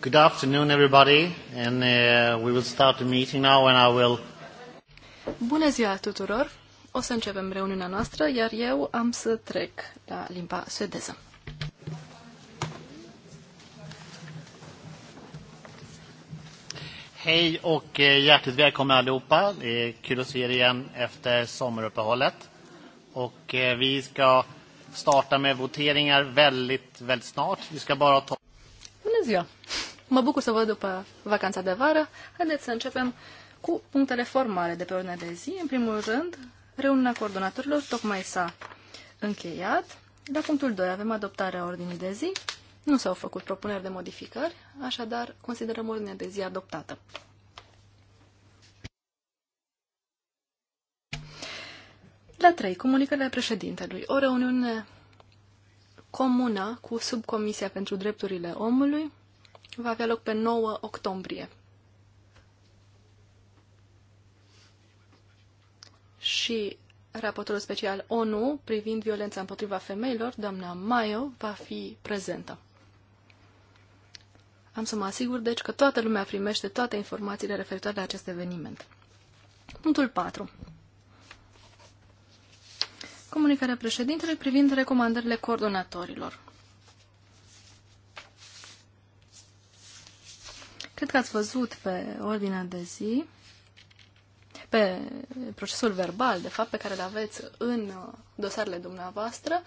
Good afternoon, everybody, and uh, we will start the meeting now, and I will. Bună ziua tuturor! O să începem reuniunea noastră, iar eu am să trec la limba suedeză. Hej och eh, hjärtligt välkomna allihopa. Det är kul att se er igen efter sommaruppehållet. Och eh, vi ska starta med voteringar väldigt, väldigt snart. Vi ska bara ta... Bună ziua! Mă bucur să văd după vacanța de vară. Haideți să începem cu punctele formale de pe ordine de zi. În primul rând, reuniunea coordonatorilor tocmai s-a încheiat. La punctul 2 avem adoptarea ordinii de zi. Nu s-au făcut propuneri de modificări, așadar considerăm ordinea de zi adoptată. La 3. Comunicările președintelui. O reuniune comună cu Subcomisia pentru Drepturile Omului va avea loc pe 9 octombrie. Și raportul special ONU privind violența împotriva femeilor, doamna Maio, va fi prezentă. Am să mă asigur, deci, că toată lumea primește toate informațiile referitoare la acest eveniment. Punctul 4. Comunicarea președintelui privind recomandările coordonatorilor. Cred că ați văzut pe ordinea de zi, pe procesul verbal, de fapt, pe care îl aveți în uh, dosarele dumneavoastră, uh,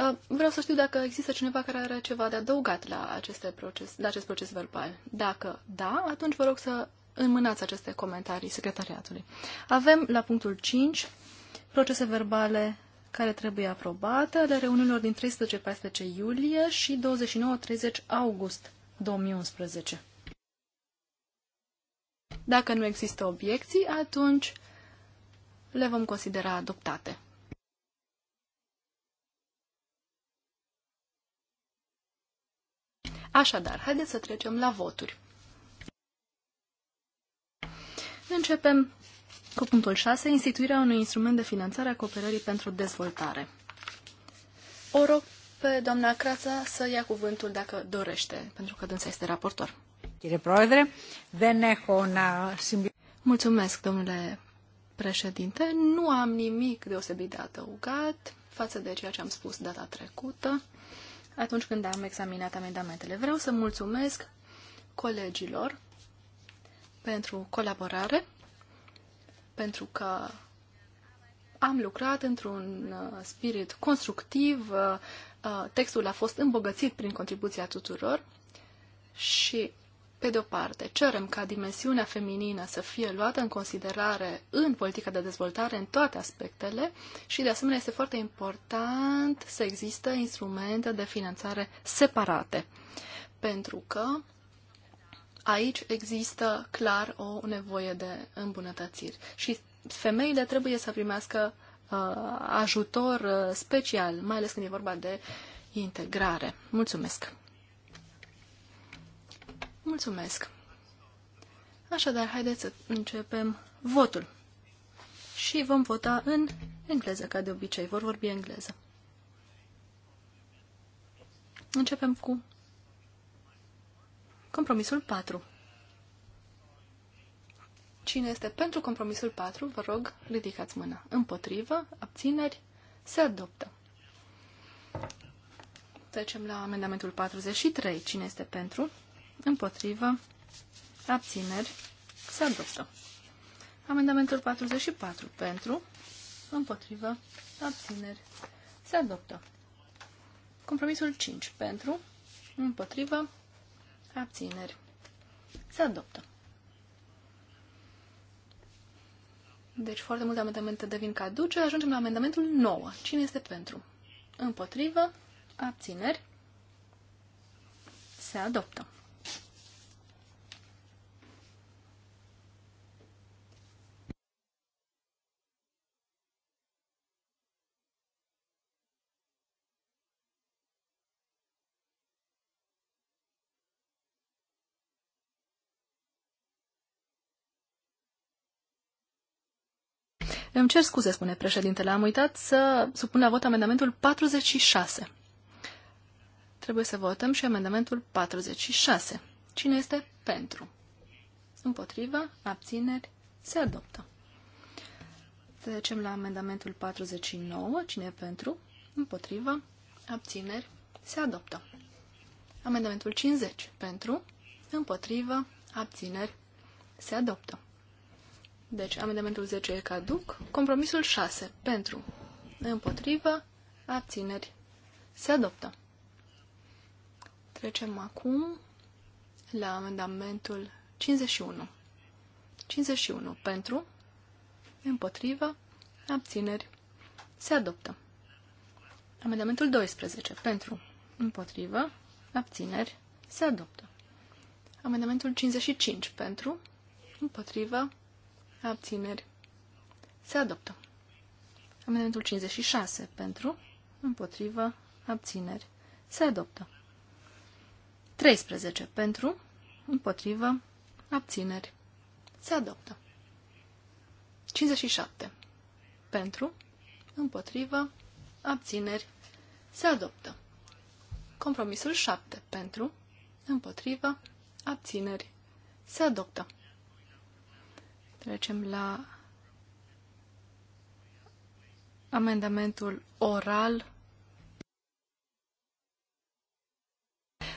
Uh, vreau să știu dacă există cineva care are ceva de adăugat la, aceste proces, la acest proces verbal. Dacă da, atunci vă rog să înmânați aceste comentarii secretariatului. Avem la punctul 5 procese verbale care trebuie aprobate ale reuniunilor din 13-14 iulie și 29-30 august 2011. Dacă nu există obiecții, atunci le vom considera adoptate. Așadar, haideți să trecem la voturi. Începem cu punctul 6, instituirea unui instrument de finanțare a cooperării pentru dezvoltare. O rog pe doamna Crața să ia cuvântul dacă dorește, pentru că dânsa este raportor. Mulțumesc, domnule președinte. Nu am nimic deosebit de adăugat față de ceea ce am spus data trecută atunci când am examinat amendamentele. Vreau să mulțumesc colegilor pentru colaborare, pentru că am lucrat într-un uh, spirit constructiv, uh, uh, textul a fost îmbogățit prin contribuția tuturor și pe de-o parte, cerem ca dimensiunea feminină să fie luată în considerare în politica de dezvoltare în toate aspectele și, de asemenea, este foarte important să existe instrumente de finanțare separate, pentru că aici există clar o nevoie de îmbunătățiri și femeile trebuie să primească uh, ajutor uh, special, mai ales când e vorba de integrare. Mulțumesc! Mulțumesc. Așadar, haideți să începem votul. Și vom vota în engleză, ca de obicei. Vor vorbi engleză. Începem cu compromisul 4. Cine este pentru compromisul 4, vă rog, ridicați mâna. Împotrivă, abțineri, se adoptă. Trecem la amendamentul 43. Cine este pentru? împotrivă, abțineri, se adoptă. Amendamentul 44 pentru, împotrivă, abțineri, se adoptă. Compromisul 5 pentru, împotrivă, abțineri, se adoptă. Deci foarte multe amendamente devin caduce. Ajungem la amendamentul 9. Cine este pentru? Împotrivă, abțineri, se adoptă. Îmi cer scuze, spune președintele, am uitat să supun la vot amendamentul 46. Trebuie să votăm și amendamentul 46. Cine este pentru? Împotrivă, abțineri, se adoptă. Trecem la amendamentul 49. Cine e pentru? Împotrivă, abțineri, se adoptă. Amendamentul 50. Pentru, Împotrivă, abțineri, se adoptă. Deci, amendamentul 10 e caduc. Compromisul 6. Pentru. Împotrivă. Abțineri. Se adoptă. Trecem acum la amendamentul 51. 51. Pentru. Împotrivă. Abțineri. Se adoptă. Amendamentul 12. Pentru. Împotrivă. Abțineri. Se adoptă. Amendamentul 55. Pentru. Împotrivă abțineri, se adoptă. Amendamentul 56 pentru, împotrivă, abțineri, se adoptă. 13 pentru, împotrivă, abțineri, se adoptă. 57 pentru, împotrivă, abțineri, se adoptă. Compromisul 7 pentru, împotrivă, abțineri, se adoptă. Trecem la amendamentul oral.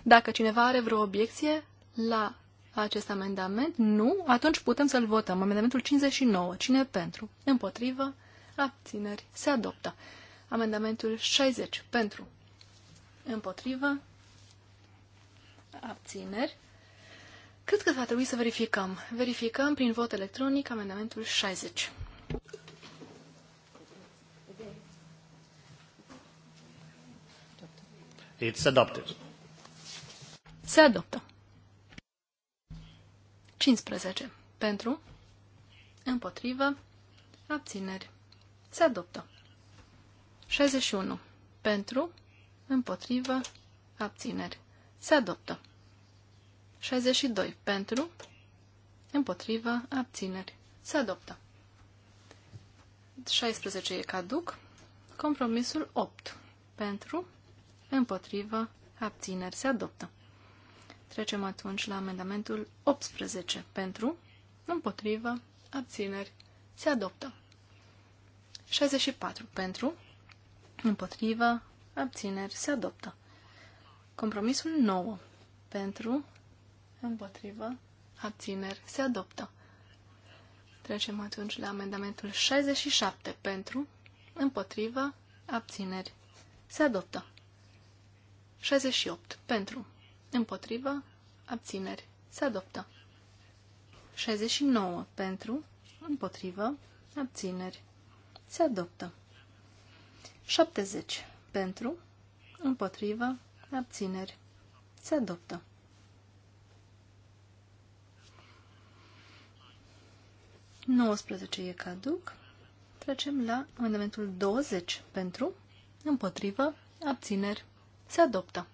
Dacă cineva are vreo obiecție la acest amendament, nu, atunci putem să-l votăm. Amendamentul 59. Cine pentru? Împotrivă? Abțineri. Se adoptă. Amendamentul 60. Pentru. Împotrivă? Abțineri. Cred că va trebui să verificăm. Verificăm prin vot electronic amendamentul 60. It's adopted. Se adoptă. 15. Pentru, împotrivă, abțineri. Se adoptă. 61. Pentru, împotrivă, abțineri. Se adoptă. 62. Pentru, împotrivă, abțineri. Se adoptă. 16 e caduc. Compromisul 8. Pentru, împotrivă, abțineri. Se adoptă. Trecem atunci la amendamentul 18. Pentru, împotrivă, abțineri. Se adoptă. 64. Pentru, împotrivă, abțineri. Se adoptă. Compromisul 9. Pentru, împotrivă, abțineri, se adoptă. Trecem atunci la amendamentul 67 pentru, împotrivă, abțineri, se adoptă. 68 pentru, împotrivă, abțineri, se adoptă. 69 pentru, împotrivă, abțineri, se adoptă. 70 pentru, împotrivă, abțineri, se adoptă. 19 e caduc. Trecem la amendamentul 20 pentru, împotrivă, abțineri, se adoptă.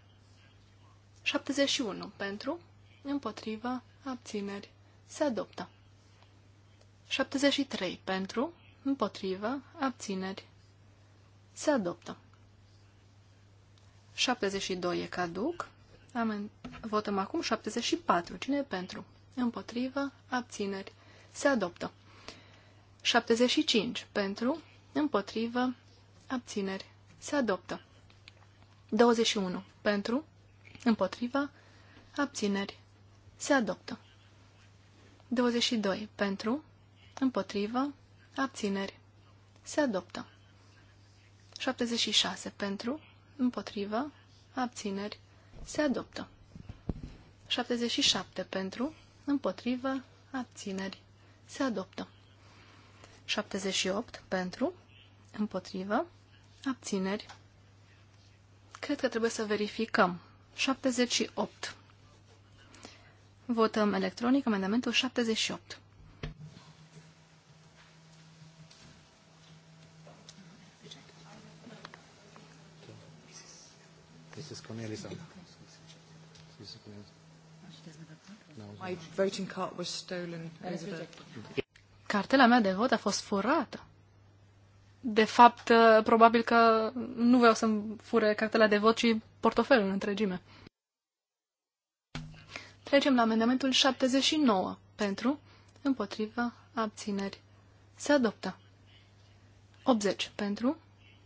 71 pentru, împotrivă, abțineri, se adoptă. 73 pentru, împotrivă, abțineri, se adoptă. 72 e caduc. Amen. Votăm acum 74. Cine e pentru? Împotrivă, abțineri, se adoptă. 75 pentru, împotrivă, abțineri. Se adoptă. 21 pentru, împotrivă, abțineri. Se adoptă. 22 pentru, împotrivă, abțineri. Se adoptă. 76 pentru, împotrivă, abțineri. Se adoptă. 77 pentru, împotrivă, abțineri. Se adoptă. 78 pentru, împotrivă, abțineri. Cred că trebuie să verificăm. 78. Votăm electronic amendamentul 78. My voting card was stolen, Elizabeth. Cartela mea de vot a fost furată. De fapt, uh, probabil că nu vreau să-mi fure cartela de vot, ci portofelul în întregime. Trecem la amendamentul 79. Pentru, împotrivă, abțineri. Se adoptă. 80. Pentru,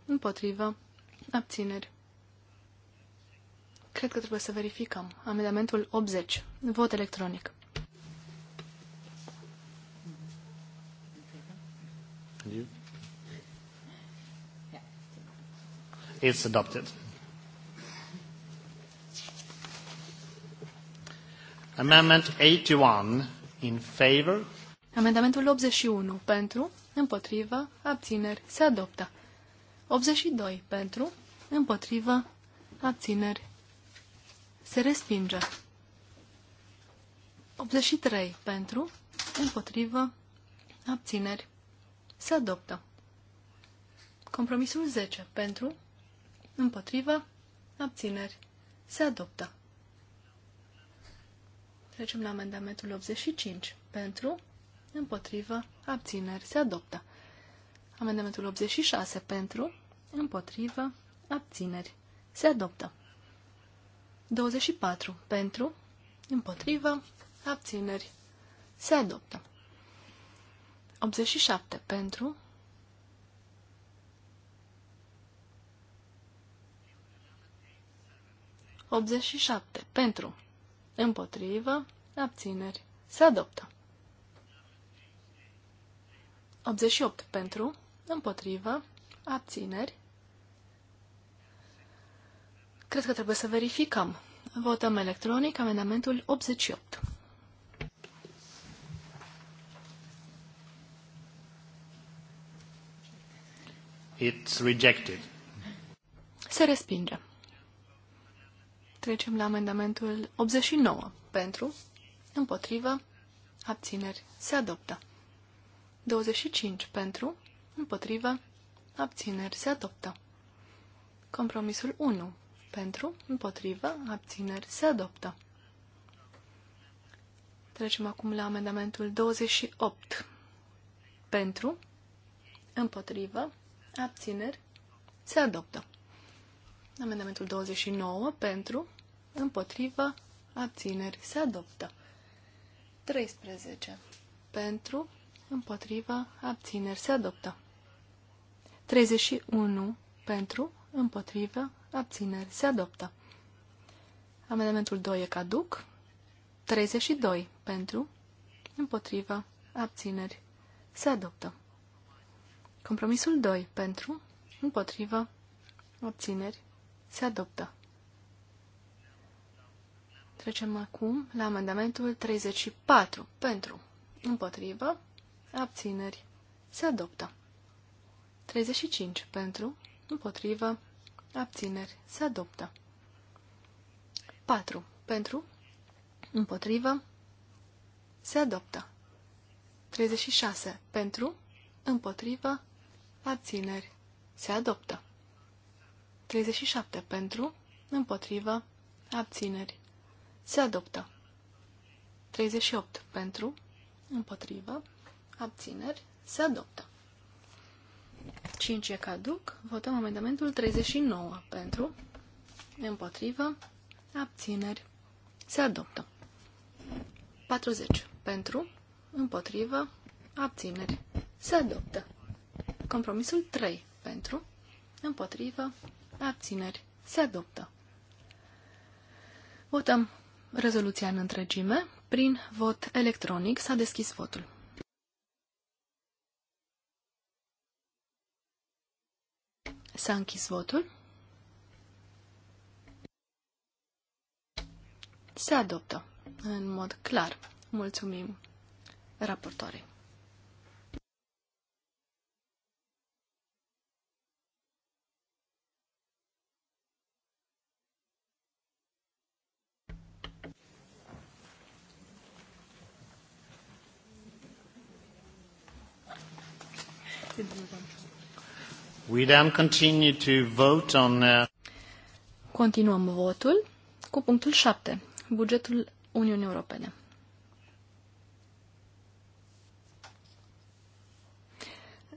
împotrivă, abțineri. Cred că trebuie să verificăm. Amendamentul 80. Vot electronic. You? Yeah. It's adopted. Amendment 81 in favor. Amendamentul 81 pentru, împotrivă, abțineri, se adoptă. 82 pentru, împotrivă, abțineri, se respinge. 83 pentru, împotrivă, abțineri, se adoptă. Compromisul 10. Pentru, împotrivă, abțineri. Se adoptă. Trecem la amendamentul 85. Pentru, împotrivă, abțineri. Se adoptă. Amendamentul 86. Pentru, împotrivă, abțineri. Se adoptă. 24. Pentru, împotrivă, abțineri. Se adoptă. 87 pentru. Optzeci și șapte. Pentru. Împotrivă. Abțineri. Se adoptă. 88 pentru, împotrivă, abțineri. Cred că trebuie să verificăm. Votăm electronic amendamentul 88. It's rejected. Se respinge. Trecem la amendamentul 89. Pentru, împotrivă, abțineri. Se adoptă. 25. Pentru, împotrivă, abțineri. Se adoptă. Compromisul 1. Pentru, împotrivă, abțineri. Se adoptă. Trecem acum la amendamentul 28. Pentru, împotrivă, abțineri, se adoptă. Amendamentul 29 pentru, împotrivă, abțineri, se adoptă. 13 pentru, împotrivă, abțineri, se adoptă. 31 pentru, împotrivă, abțineri, se adoptă. Amendamentul 2 e caduc. 32 pentru, împotrivă, abțineri, se adoptă. Compromisul 2. Pentru, împotrivă, obțineri, se adoptă. Trecem acum la amendamentul 34. Pentru, împotrivă, abțineri, se adoptă. 35. Pentru, împotrivă, abțineri, se adoptă. 4. Pentru, împotrivă, se adoptă. 36. Pentru, împotrivă, abțineri, se adoptă. 37 pentru, împotrivă, abțineri, se adoptă. 38 pentru, împotrivă, abțineri, se adoptă. 5 e caduc, votăm amendamentul 39 pentru, împotrivă, abțineri, se adoptă. 40 pentru, împotrivă, abțineri, se adoptă. Compromisul 3 pentru, împotrivă, abțineri, se adoptă. Votăm rezoluția în întregime. Prin vot electronic s-a deschis votul. S-a închis votul. Se adoptă în mod clar. Mulțumim raportoarei. We then continue to vote on, uh... Continuăm votul cu punctul 7, bugetul Uniunii Europene.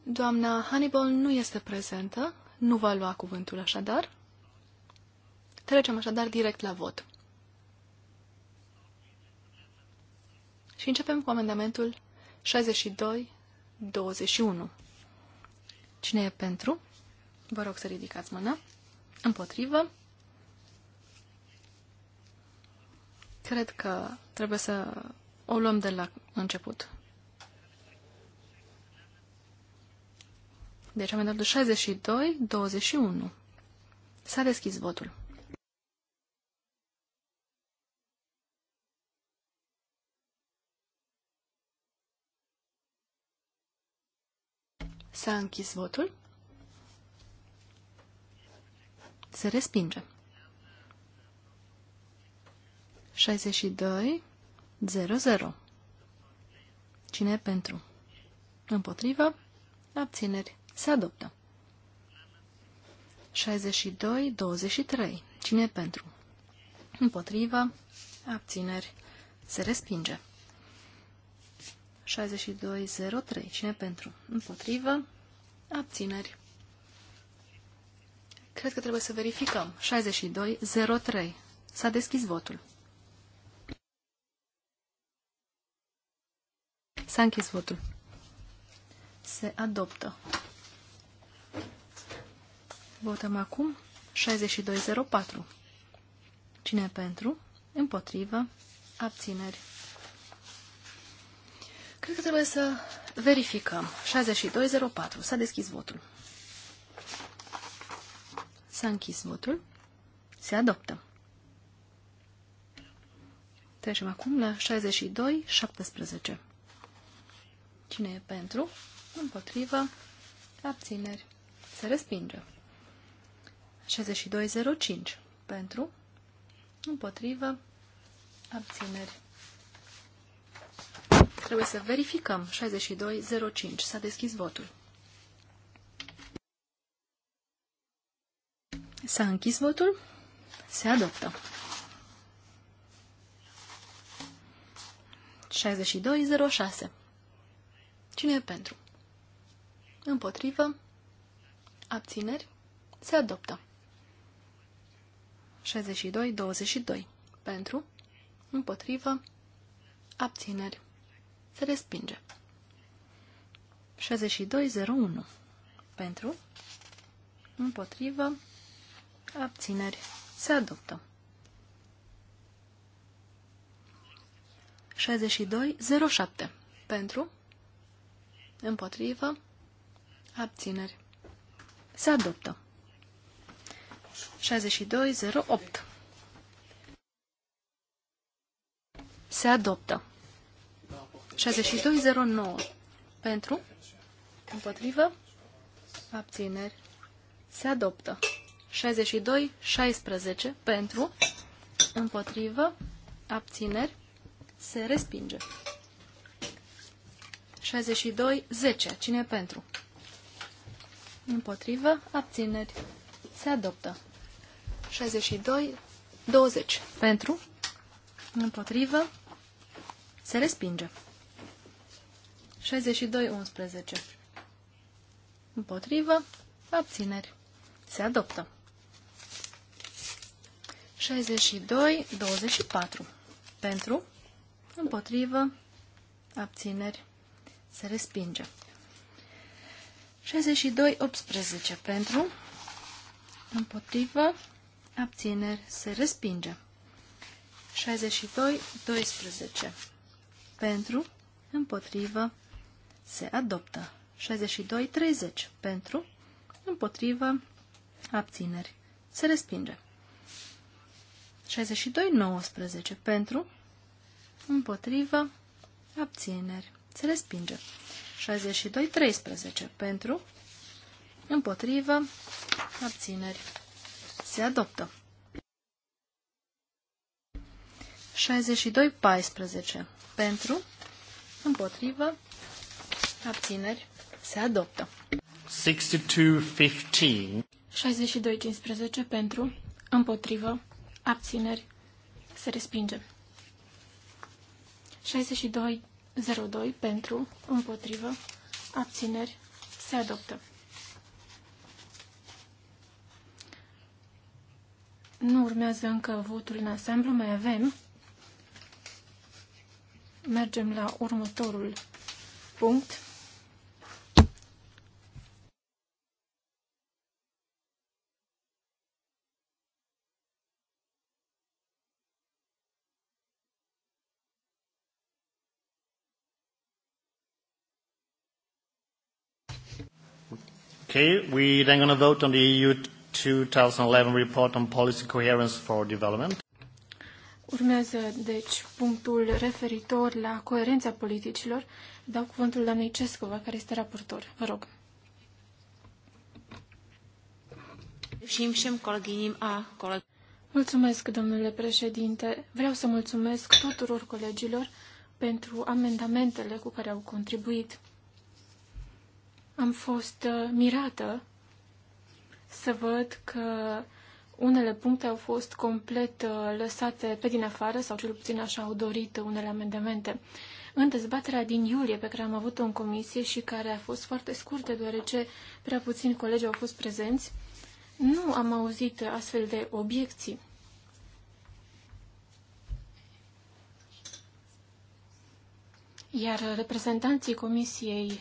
Doamna Hannibal nu este prezentă, nu va lua cuvântul așadar. Trecem așadar direct la vot. Și începem cu amendamentul 62-21. Cine e pentru? Vă rog să ridicați mâna. Împotrivă. Cred că trebuie să o luăm de la început. Deci am amendamentul 62, 21. S-a deschis votul. S-a închis votul. Se respinge. 62 00 Cine pentru? Împotrivă? Abțineri. Se adoptă. 62 23 Cine pentru? Împotrivă? Abțineri. Se respinge. 6203. Cine pentru? Împotrivă. Abțineri. Cred că trebuie să verificăm. 6203. S-a deschis votul. S-a închis votul. Se adoptă. Votăm acum 6204. Cine pentru? Împotrivă. Abțineri. Cred că trebuie să verificăm. 6204. S-a deschis votul. S-a închis votul. Se adoptă. Trecem acum la 6217. Cine e pentru? Împotrivă. Abțineri. Se respinge. 6205. Pentru. Împotrivă. Abțineri. Trebuie să verificăm. 62.05. S-a deschis votul. S-a închis votul. Se adoptă. 62.06. Cine e pentru? Împotrivă. Abțineri. Se adoptă. 62.22. Pentru. Împotrivă. Abțineri. Se respinge. 6201 pentru, împotrivă, abțineri, se adoptă. 6207 pentru, împotrivă, abțineri, se adoptă. 6208 se adoptă. 6209 pentru, împotrivă, abțineri, se adoptă. 6216 pentru, împotrivă, abțineri, se respinge. 6210 cine pentru? Împotrivă, abțineri, se adoptă. 62 20 pentru, împotrivă, se respinge. 62-11. Împotrivă. Abțineri. Se adoptă. 62-24. Pentru. Împotrivă. Abțineri. Se respinge. 62 Pentru. Împotrivă. Abțineri. Se respinge. 62 Pentru. Împotrivă se adoptă. 62-30 pentru, împotrivă, abțineri, se respinge. 62-19 pentru, împotrivă, abțineri, se respinge. 62-13 pentru, împotrivă, abțineri, se adoptă. 62-14 pentru, împotrivă, abțineri, se adoptă. 62-15 pentru, împotrivă, abțineri, se respinge. 62-02 pentru, împotrivă, abțineri, se adoptă. Nu urmează încă votul în Asamblu, mai avem. Mergem la următorul punct. Okay, we then going to vote on the EU 2011 report on policy coherence for development. Urmează, deci, punctul referitor la coerența politicilor. Dau cuvântul doamnei Cescova, care este raportor. Vă rog. Všim všem kolegyním a Mulțumesc, domnule președinte. Vreau să mulțumesc tuturor colegilor pentru amendamentele cu care au contribuit. Am fost uh, mirată să văd că unele puncte au fost complet uh, lăsate pe din afară, sau cel puțin așa au dorit unele amendamente. În dezbaterea din iulie pe care am avut-o în comisie și care a fost foarte scurtă, deoarece prea puțini colegi au fost prezenți, nu am auzit astfel de obiecții. Iar reprezentanții comisiei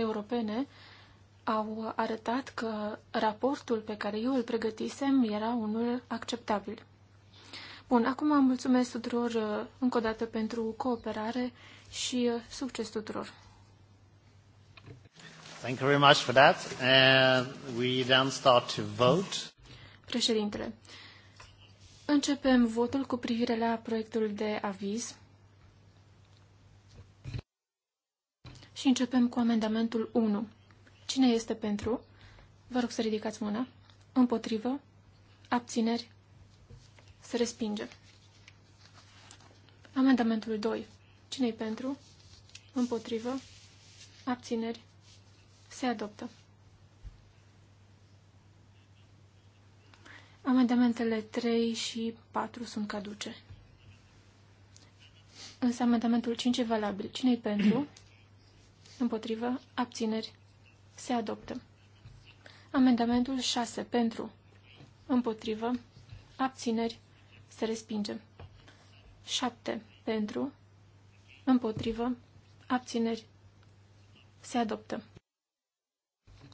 europene au arătat că raportul pe care eu îl pregătisem era unul acceptabil. Bun, acum mulțumesc tuturor uh, încă o dată pentru cooperare și uh, succes tuturor! Thank you very much for that. and uh, we then start to vote. Președintele, începem votul cu privire la proiectul de aviz Și începem cu amendamentul 1. Cine este pentru? Vă rog să ridicați mâna. Împotrivă. Abțineri. Se respinge. Amendamentul 2. cine e pentru? Împotrivă. Abțineri. Se adoptă. Amendamentele 3 și 4 sunt caduce. Însă amendamentul 5 e valabil. Cine-i pentru? Împotrivă. Abțineri. Se adoptă. Amendamentul 6. Pentru. Împotrivă. Abțineri. Se respinge. 7. Pentru. Împotrivă. Abțineri. Se adoptă.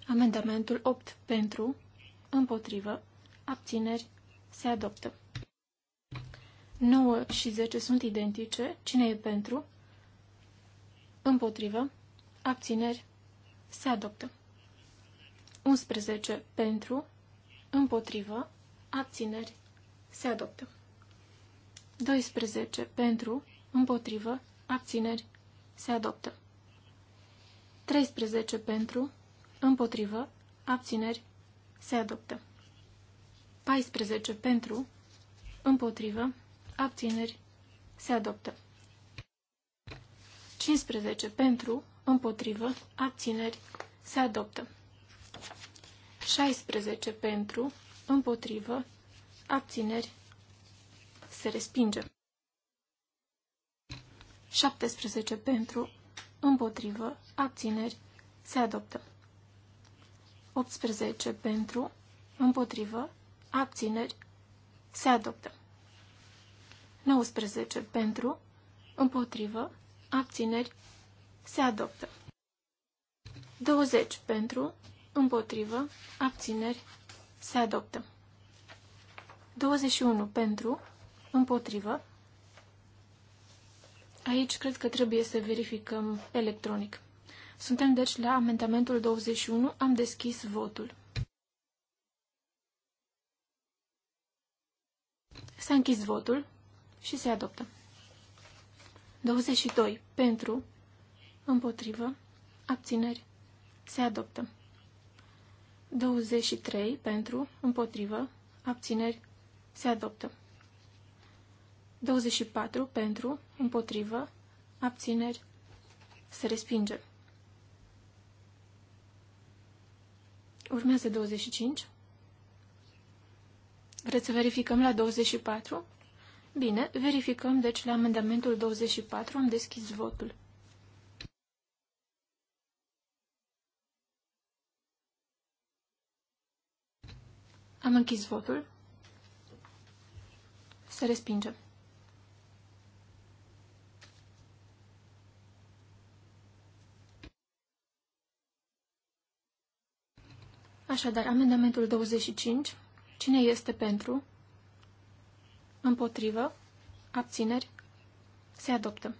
Amendamentul 8. Pentru. Împotrivă. Abțineri. Se adoptă. 9 și 10 sunt identice. Cine e pentru? Împotrivă abțineri, se adoptă. 11 pentru, împotrivă, abțineri, se adoptă. 12 pentru, împotrivă, abțineri, se adoptă. 13 pentru, împotrivă, abțineri, se adoptă. 14 pentru, împotrivă, abțineri, se adoptă. 15 pentru, împotrivă, abțineri, se adoptă. 16 pentru, împotrivă, abțineri, se respinge. 17 pentru, împotrivă, abțineri, se adoptă. 18 pentru, împotrivă, abțineri, se adoptă. 19 pentru, împotrivă, abțineri, se adoptă. 20 pentru, împotrivă, abțineri, se adoptă. 21 pentru, împotrivă. Aici cred că trebuie să verificăm electronic. Suntem deci la amendamentul 21, am deschis votul. S-a închis votul și se adoptă. 22 pentru, Împotrivă. Abțineri. Se adoptă. 23 pentru, împotrivă, abțineri, se adoptă. 24 pentru, împotrivă, abțineri, se respinge. Urmează 25. Vreți să verificăm la 24? Bine, verificăm deci la amendamentul 24, am deschis votul. Am închis votul. Se respinge. Așadar, amendamentul 25. Cine este pentru? Împotrivă? Abțineri? Se adoptă.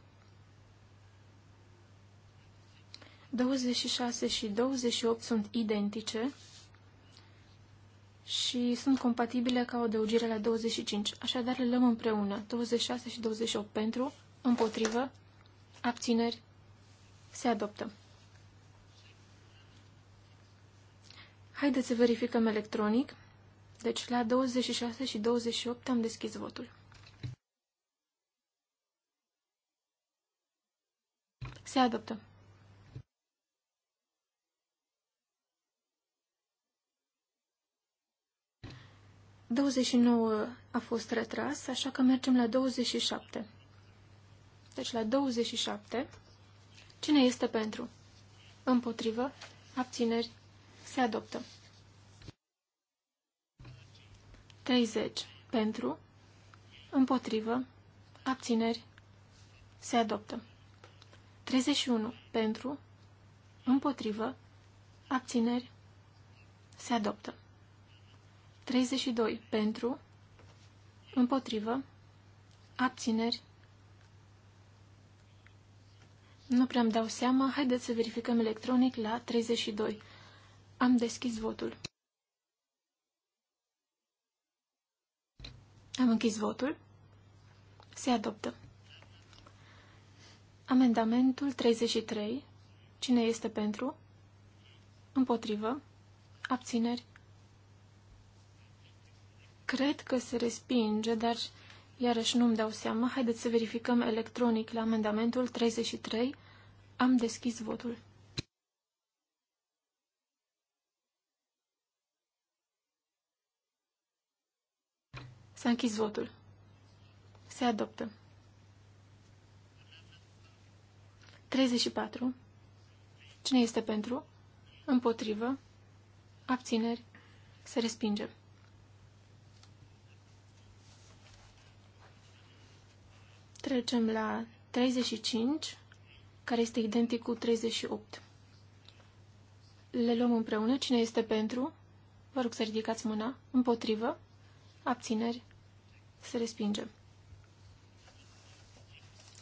26 și 28 sunt identice și sunt compatibile ca o adăugire la 25. Așadar, le luăm împreună 26 și 28 pentru, împotrivă, abțineri, se adoptă. Haideți să verificăm electronic. Deci la 26 și 28 am deschis votul. Se adoptă. 29 a fost retras, așa că mergem la 27. Deci la 27, cine este pentru? Împotrivă, abțineri, se adoptă. 30 pentru, împotrivă, abțineri, se adoptă. 31 pentru, împotrivă, abțineri, se adoptă. 32 pentru, împotrivă, abțineri. Nu prea îmi dau seama, haideți să verificăm electronic la 32. Am deschis votul. Am închis votul. Se adoptă. Amendamentul 33. Cine este pentru? Împotrivă. Abțineri. Cred că se respinge, dar iarăși nu-mi dau seama. Haideți să verificăm electronic la amendamentul 33. Am deschis votul. S-a închis votul. Se adoptă. 34. Cine este pentru? Împotrivă? Abțineri? Se respinge. Trecem la 35, care este identic cu 38. Le luăm împreună. Cine este pentru? Vă rog să ridicați mâna. Împotrivă? Abțineri? Se respingem.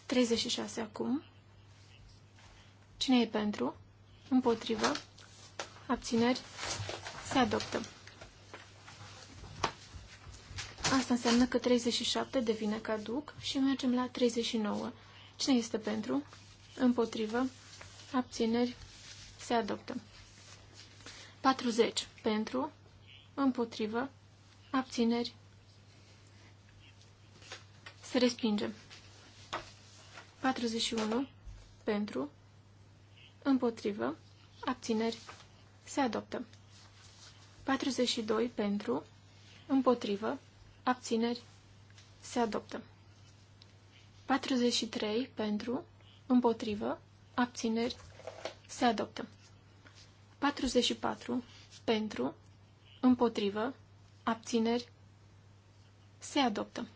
36 acum. Cine e pentru? Împotrivă? Abțineri? Se adoptă. Asta înseamnă că 37 devine caduc și mergem la 39. Cine este pentru? Împotrivă. Abțineri. Se adoptă. 40. Pentru. Împotrivă. Abțineri. Se respinge. 41. Pentru. Împotrivă. Abțineri. Se adoptă. 42. Pentru. Împotrivă abțineri, se adoptă. 43 pentru, împotrivă, abțineri, se adoptă. 44 pentru, împotrivă, abțineri, se adoptă.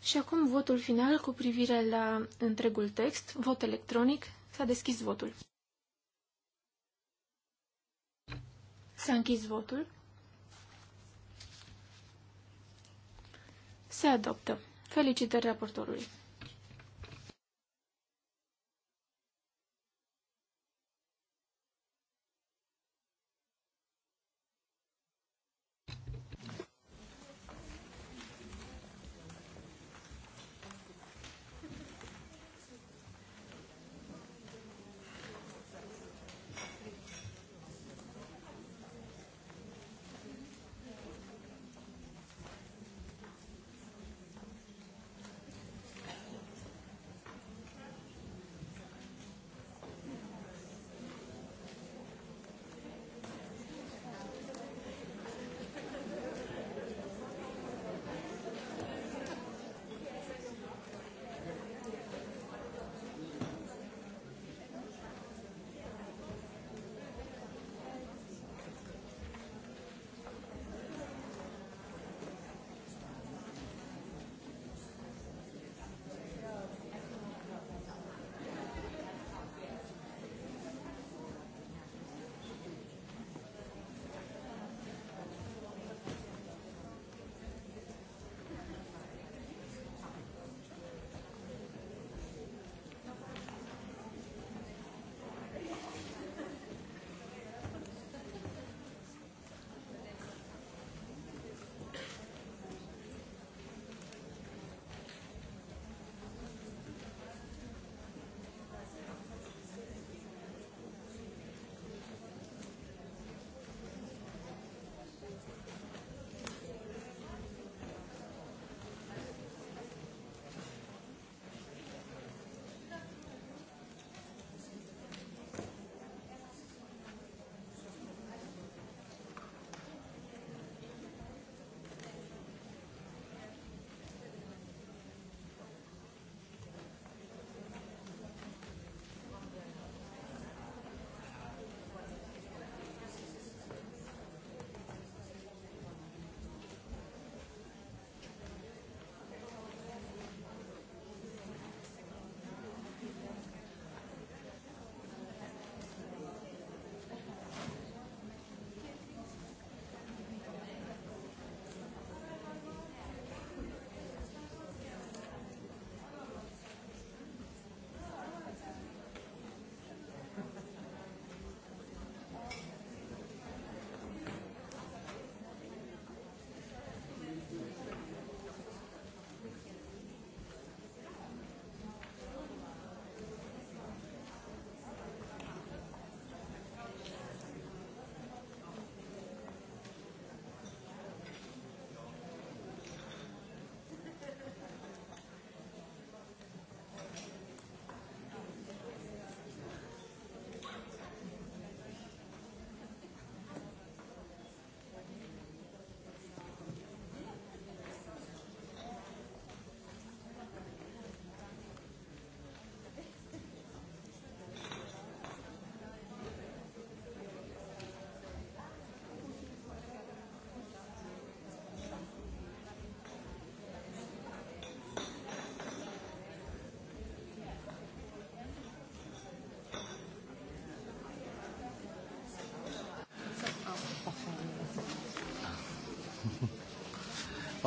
Și acum votul final cu privire la întregul text, vot electronic, s-a deschis votul. S-a închis votul. Se adoptă. Felicitări raportorului.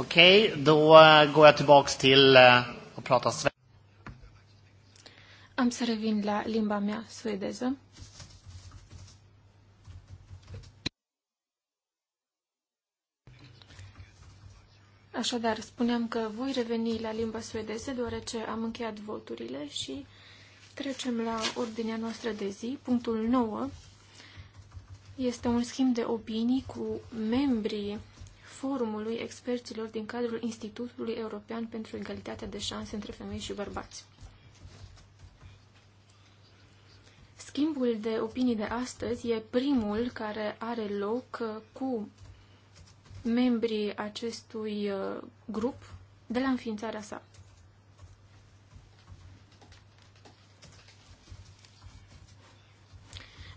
Okej, okay, då eh, går jag till att eh, prata svenska. Am să revin la limba mea suedeză. Așadar, spuneam că voi reveni la limba suedeză deoarece am încheiat voturile și trecem la ordinea noastră de zi. Punctul 9 este un schimb de opinii cu membrii forumului experților din cadrul Institutului European pentru Egalitatea de Șanse între Femei și Bărbați. Schimbul de opinii de astăzi e primul care are loc uh, cu membrii acestui uh, grup de la înființarea sa.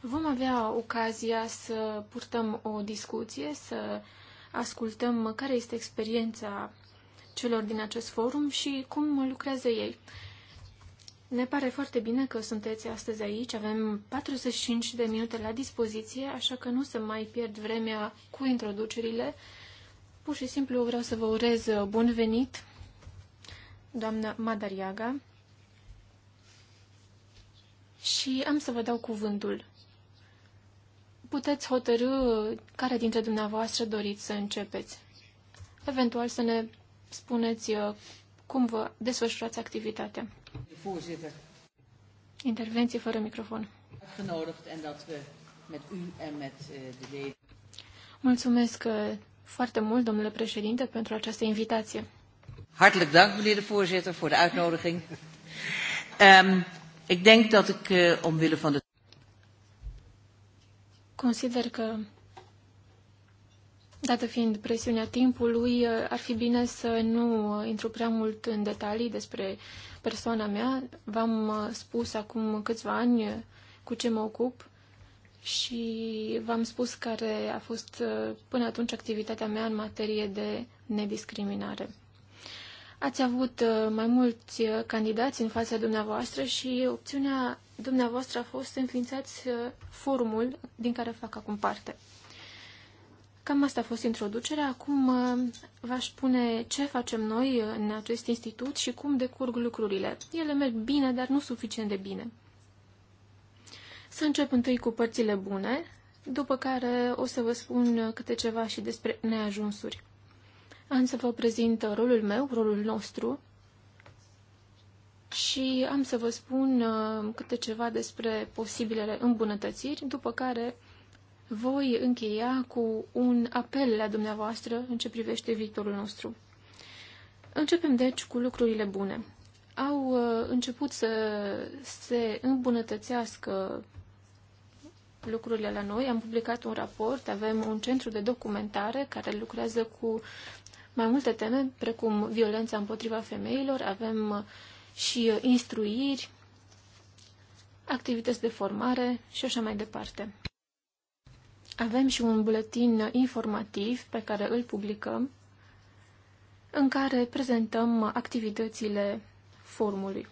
Vom avea ocazia să purtăm o discuție, să ascultăm care este experiența celor din acest forum și cum lucrează ei. Ne pare foarte bine că sunteți astăzi aici, avem 45 de minute la dispoziție, așa că nu să mai pierd vremea cu introducerile. Pur și simplu vreau să vă urez bun venit, doamna Madariaga, și am să vă dau cuvântul puteți hotărâ care dintre dumneavoastră doriți să începeți. Eventual să ne spuneți uh, cum vă desfășurați activitatea. Intervenție fără microfon. Eh, Mulțumesc uh, foarte mult, domnule președinte, pentru această invitație. Hartelijk dank, meneer de voorzitter, voor de uitnodiging. Um, ik denk dat ik uh, omwille van de Consider că, dată fiind presiunea timpului, ar fi bine să nu intru prea mult în detalii despre persoana mea. V-am uh, spus acum câțiva ani uh, cu ce mă ocup și v-am spus care a fost uh, până atunci activitatea mea în materie de nediscriminare. Ați avut mai mulți candidați în fața dumneavoastră și opțiunea dumneavoastră a fost înființați uh, forumul din care fac acum parte. Cam asta a fost introducerea. Acum uh, v-aș spune ce facem noi în acest institut și cum decurg lucrurile. Ele merg bine, dar nu suficient de bine. Să încep întâi cu părțile bune, după care o să vă spun câte ceva și despre neajunsuri. Am să vă prezint rolul meu, rolul nostru și am să vă spun uh, câte ceva despre posibilele îmbunătățiri, după care voi încheia cu un apel la dumneavoastră în ce privește viitorul nostru. Începem deci cu lucrurile bune. Au uh, început să se îmbunătățească lucrurile la noi. Am publicat un raport, avem un centru de documentare care lucrează cu mai multe teme, precum violența împotriva femeilor, avem uh, și uh, instruiri, activități de formare și așa mai departe. Avem și un buletin informativ pe care îl publicăm, în care prezentăm activitățile formului.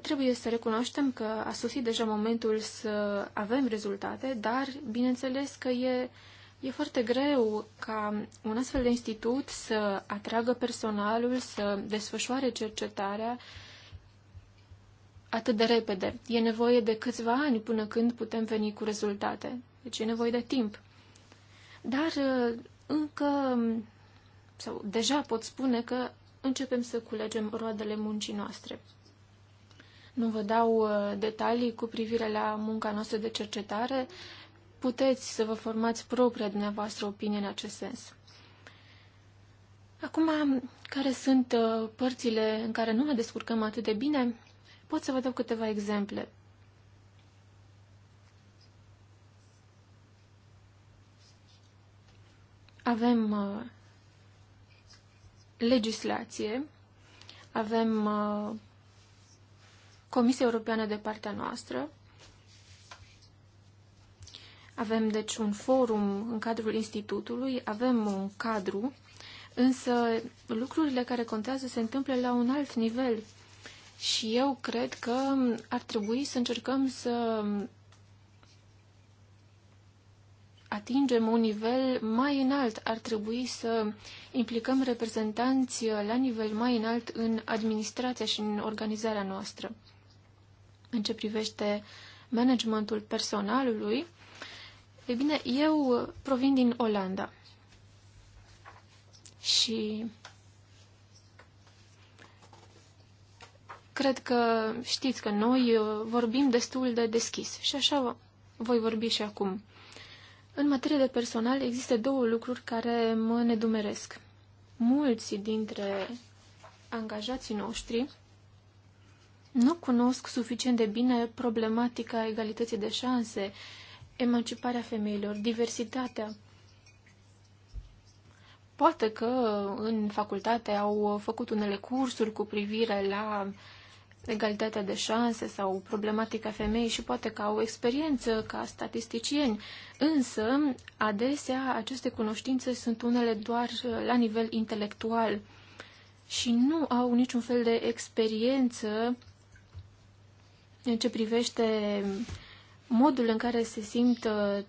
Trebuie să recunoaștem că a sosit deja momentul să avem rezultate, dar bineînțeles că e E foarte greu ca un astfel de institut să atragă personalul, să desfășoare cercetarea atât de repede. E nevoie de câțiva ani până când putem veni cu rezultate. Deci e nevoie de timp. Dar uh, încă, sau deja pot spune că începem să culegem roadele muncii noastre. Nu vă dau uh, detalii cu privire la munca noastră de cercetare, puteți să vă formați propria dumneavoastră opinie în acest sens. Acum, care sunt uh, părțile în care nu ne descurcăm atât de bine, pot să vă dau câteva exemple. Avem uh, legislație, avem uh, Comisia Europeană de partea noastră, avem, deci, un forum în cadrul institutului, avem un cadru, însă lucrurile care contează se întâmplă la un alt nivel. Și eu cred că ar trebui să încercăm să atingem un nivel mai înalt. Ar trebui să implicăm reprezentanți la nivel mai înalt în administrația și în organizarea noastră. În ce privește managementul personalului, ei bine, eu provin din Olanda. Și cred că știți că noi uh, vorbim destul de deschis și așa voi vorbi și acum. În materie de personal există două lucruri care mă nedumeresc. Mulți dintre angajații noștri nu cunosc suficient de bine problematica egalității de șanse emanciparea femeilor, diversitatea. Poate că în facultate au făcut unele cursuri cu privire la egalitatea de șanse sau problematica femeii și poate că au experiență ca statisticieni, însă adesea aceste cunoștințe sunt unele doar la nivel intelectual și nu au niciun fel de experiență în ce privește modul în care se simt uh,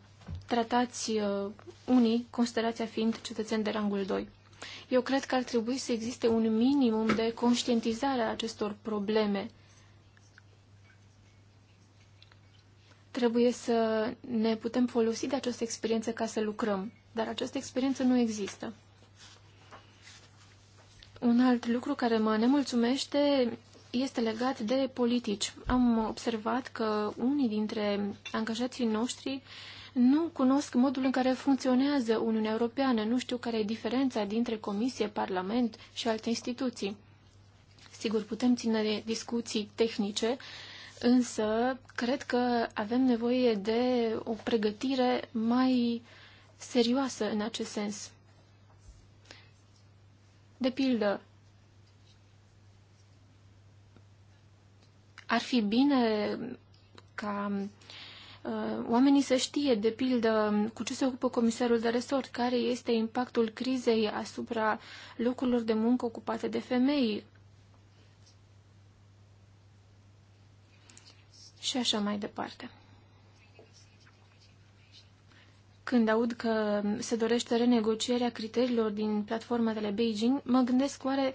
tratați uh, unii, considerați fiind cetățeni de rangul 2. Eu cred că ar trebui să existe un minimum de conștientizare a acestor probleme. Trebuie să ne putem folosi de această experiență ca să lucrăm, dar această experiență nu există. Un alt lucru care mă nemulțumește este legat de politici. Am observat că unii dintre angajații noștri nu cunosc modul în care funcționează Uniunea Europeană, nu știu care e diferența dintre Comisie, Parlament și alte instituții. Sigur, putem ține discuții tehnice, însă cred că avem nevoie de o pregătire mai serioasă în acest sens. De pildă, ar fi bine ca uh, oamenii să știe, de pildă, cu ce se ocupă comisarul de resort, care este impactul crizei asupra locurilor de muncă ocupate de femei. Și așa mai departe. Când aud că se dorește renegocierea criteriilor din platforma de la Beijing, mă gândesc oare uh,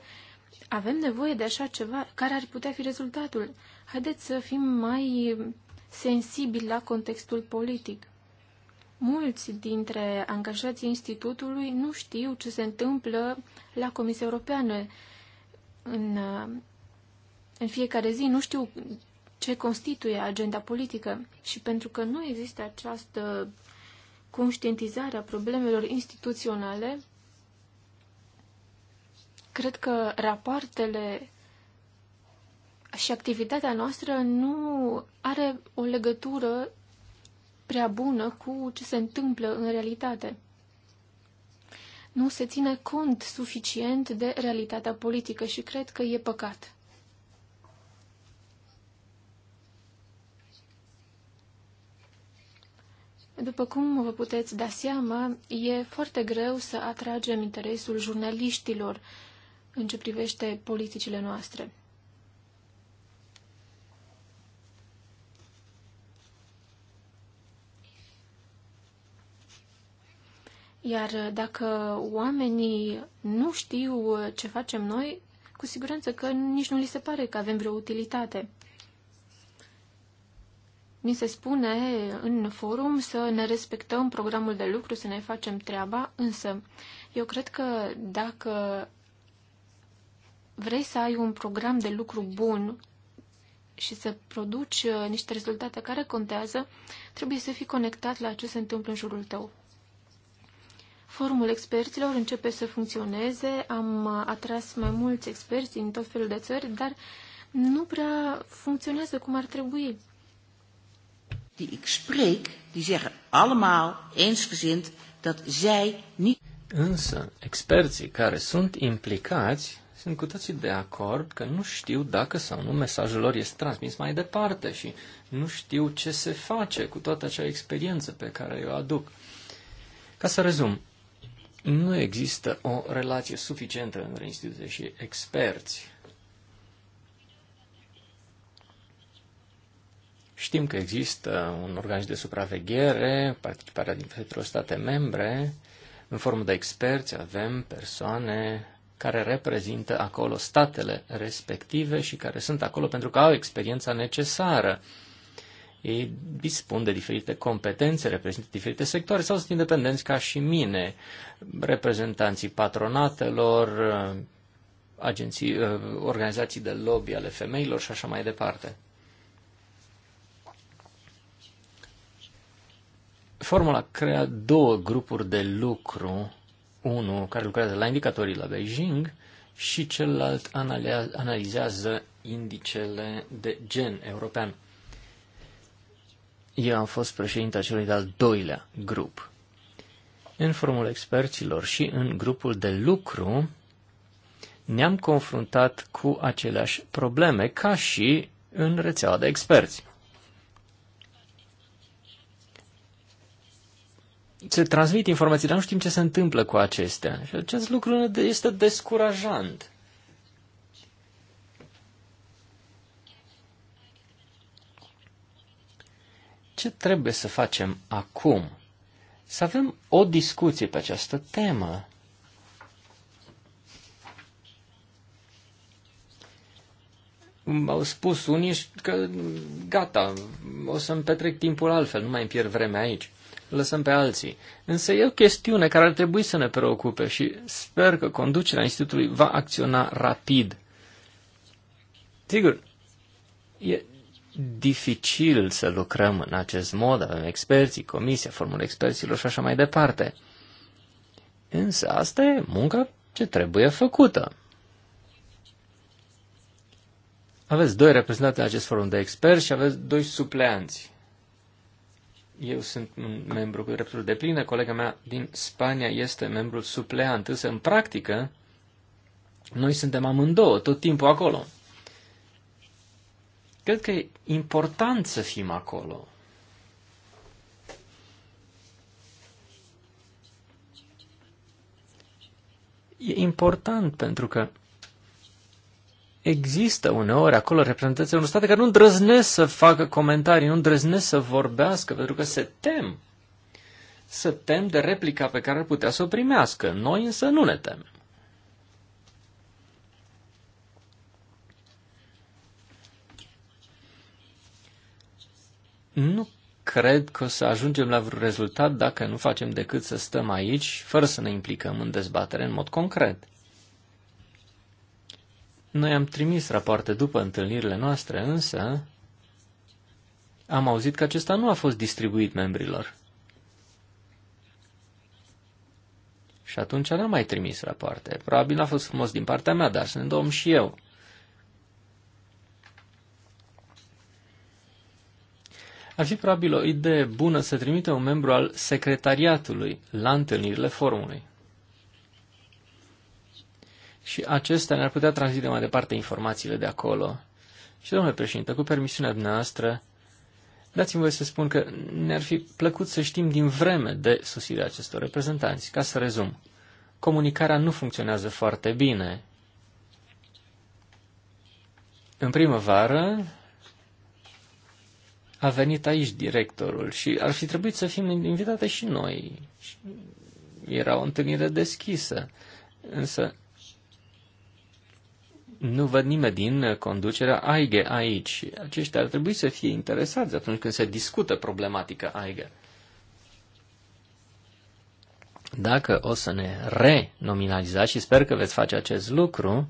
avem nevoie de așa ceva? Care ar putea fi rezultatul? Haideți să fim mai sensibili la contextul politic. Mulți dintre angajații institutului nu știu ce se întâmplă la Comisia Europeană. În, în fiecare zi nu știu ce constituie agenda politică și pentru că nu există această conștientizare a problemelor instituționale, Cred că rapoartele și activitatea noastră nu are o legătură prea bună cu ce se întâmplă în realitate. Nu se ține cont suficient de realitatea politică și cred că e păcat. După cum vă puteți da seama, e foarte greu să atragem interesul jurnaliștilor în ce privește politicile noastre. Iar dacă oamenii nu știu ce facem noi, cu siguranță că nici nu li se pare că avem vreo utilitate. Ni se spune în forum să ne respectăm programul de lucru, să ne facem treaba, însă eu cred că dacă vrei să ai un program de lucru bun și să produci uh, niște rezultate care contează, trebuie să fii conectat la ce se întâmplă în jurul tău. Forumul experților începe să funcționeze, am uh, atras mai mulți experți din tot felul de țări, dar nu prea funcționează cum ar trebui. Însă, experții care sunt implicați sunt cu toții de acord că nu știu dacă sau nu mesajul lor este transmis mai departe și nu știu ce se face cu toată acea experiență pe care o aduc. Ca să rezum, nu există o relație suficientă între instituții și experți. Știm că există un organism de supraveghere, participarea din fetele state membre, în formă de experți avem persoane care reprezintă acolo statele respective și care sunt acolo pentru că au experiența necesară. Ei dispun de diferite competențe, reprezintă diferite sectoare sau sunt independenți ca și mine, reprezentanții patronatelor, agenții, uh, organizații de lobby ale femeilor și așa mai departe. Formula crea două grupuri de lucru unul care lucrează la indicatorii la Beijing și celălalt analizează indicele de gen european. Eu am fost președinte celui de-al doilea grup. În formul experților și în grupul de lucru ne-am confruntat cu aceleași probleme ca și în rețeaua de experți. se transmit informații, dar nu știm ce se întâmplă cu acestea. Și acest lucru este descurajant. Ce trebuie să facem acum? Să avem o discuție pe această temă. au spus unii că gata, o să-mi petrec timpul altfel, nu mai îmi pierd vremea aici lăsăm pe alții. Însă e o chestiune care ar trebui să ne preocupe și sper că conducerea Institutului va acționa rapid. Sigur, e dificil să lucrăm în acest mod, avem experții, comisia, formul experților și așa mai departe. Însă asta e munca ce trebuie făcută. Aveți doi reprezentanți la acest forum de experți și aveți doi supleanți. Eu sunt un membru cu drepturi de plină, colega mea din Spania este membru supleant, însă în practică noi suntem amândouă tot timpul acolo. Cred că e important să fim acolo. E important pentru că există uneori acolo reprezentanții unor state care nu îndrăznesc să facă comentarii, nu îndrăznesc să vorbească, pentru că se tem. Se tem de replica pe care ar putea să o primească. Noi însă nu ne temem. Nu cred că o să ajungem la vreun rezultat dacă nu facem decât să stăm aici, fără să ne implicăm în dezbatere în mod concret. Noi am trimis rapoarte după întâlnirile noastre, însă am auzit că acesta nu a fost distribuit membrilor. Și atunci n-am mai trimis rapoarte. Probabil a fost frumos din partea mea, dar să ne dăm și eu. Ar fi probabil o idee bună să trimite un membru al secretariatului la întâlnirile forumului și acestea ne-ar putea transmite mai departe informațiile de acolo. Și, domnule președinte, cu permisiunea dumneavoastră, dați-mi voie să spun că ne-ar fi plăcut să știm din vreme de susirea acestor reprezentanți. Ca să rezum, comunicarea nu funcționează foarte bine. În primăvară a venit aici directorul și ar fi trebuit să fim invitate și noi. Era o întâlnire deschisă. Însă nu văd nimeni din conducerea AIGE aici. Aceștia ar trebui să fie interesați atunci când se discută problematica AIGE. Dacă o să ne renominalizați și sper că veți face acest lucru,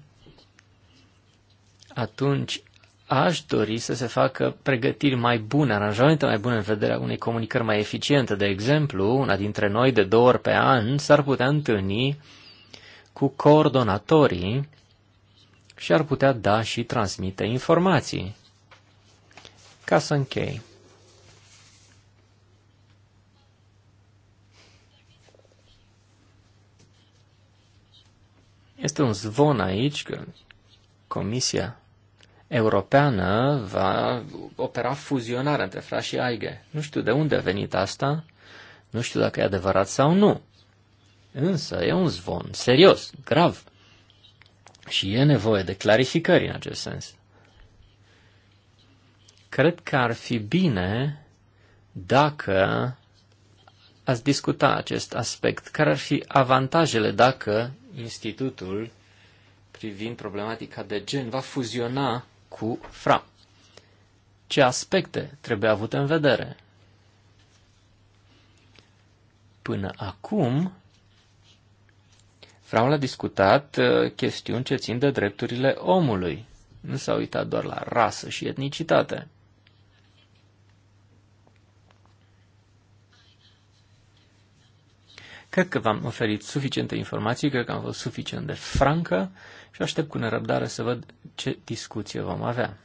atunci aș dori să se facă pregătiri mai bune, aranjamente mai bune în vederea unei comunicări mai eficiente. De exemplu, una dintre noi de două ori pe an s-ar putea întâlni cu coordonatorii și ar putea da și transmite informații. Ca să închei. Este un zvon aici că Comisia Europeană va opera fuzionarea între Fra și Aige. Nu știu de unde a venit asta, nu știu dacă e adevărat sau nu. Însă e un zvon serios, grav. Și e nevoie de clarificări în acest sens. Cred că ar fi bine dacă ați discuta acest aspect. Care ar fi avantajele dacă Institutul privind problematica de gen va fuziona cu FRA? Ce aspecte trebuie avute în vedere? Până acum, Fraul a discutat uh, chestiuni ce țin de drepturile omului. Nu s-a uitat doar la rasă și etnicitate. Cred că v-am oferit suficiente informații, cred că am fost suficient de francă și aștept cu nerăbdare să văd ce discuție vom avea.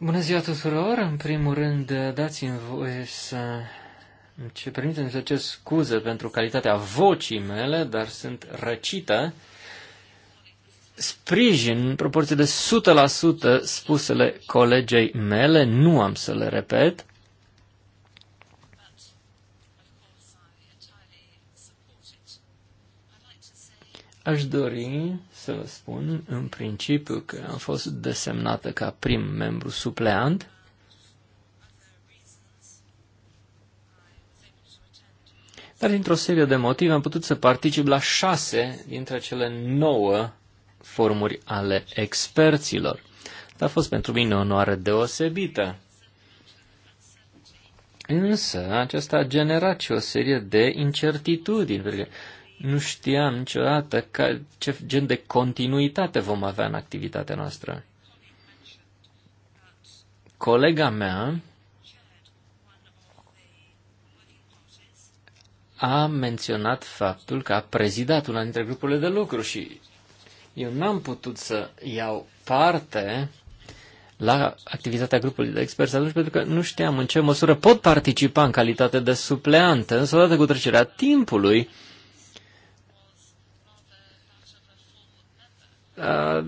Bună ziua tuturor! În primul rând, dați-mi voie să ce permiteți să cer scuze pentru calitatea vocii mele, dar sunt răcită. Sprijin în proporție de 100% spusele colegei mele, nu am să le repet. Aș dori să vă spun în principiu că am fost desemnată ca prim membru supleant. Dar dintr-o serie de motive am putut să particip la șase dintre cele nouă formuri ale experților. A fost pentru mine o onoare deosebită. Însă, acesta a generat și o serie de incertitudini, pentru că nu știam niciodată ca, ce gen de continuitate vom avea în activitatea noastră. Colega mea a menționat faptul că a prezidat una dintre grupurile de lucru și eu n-am putut să iau parte la activitatea grupului de experți atunci pentru că nu știam în ce măsură pot participa în calitate de supleantă, însă odată cu trecerea timpului,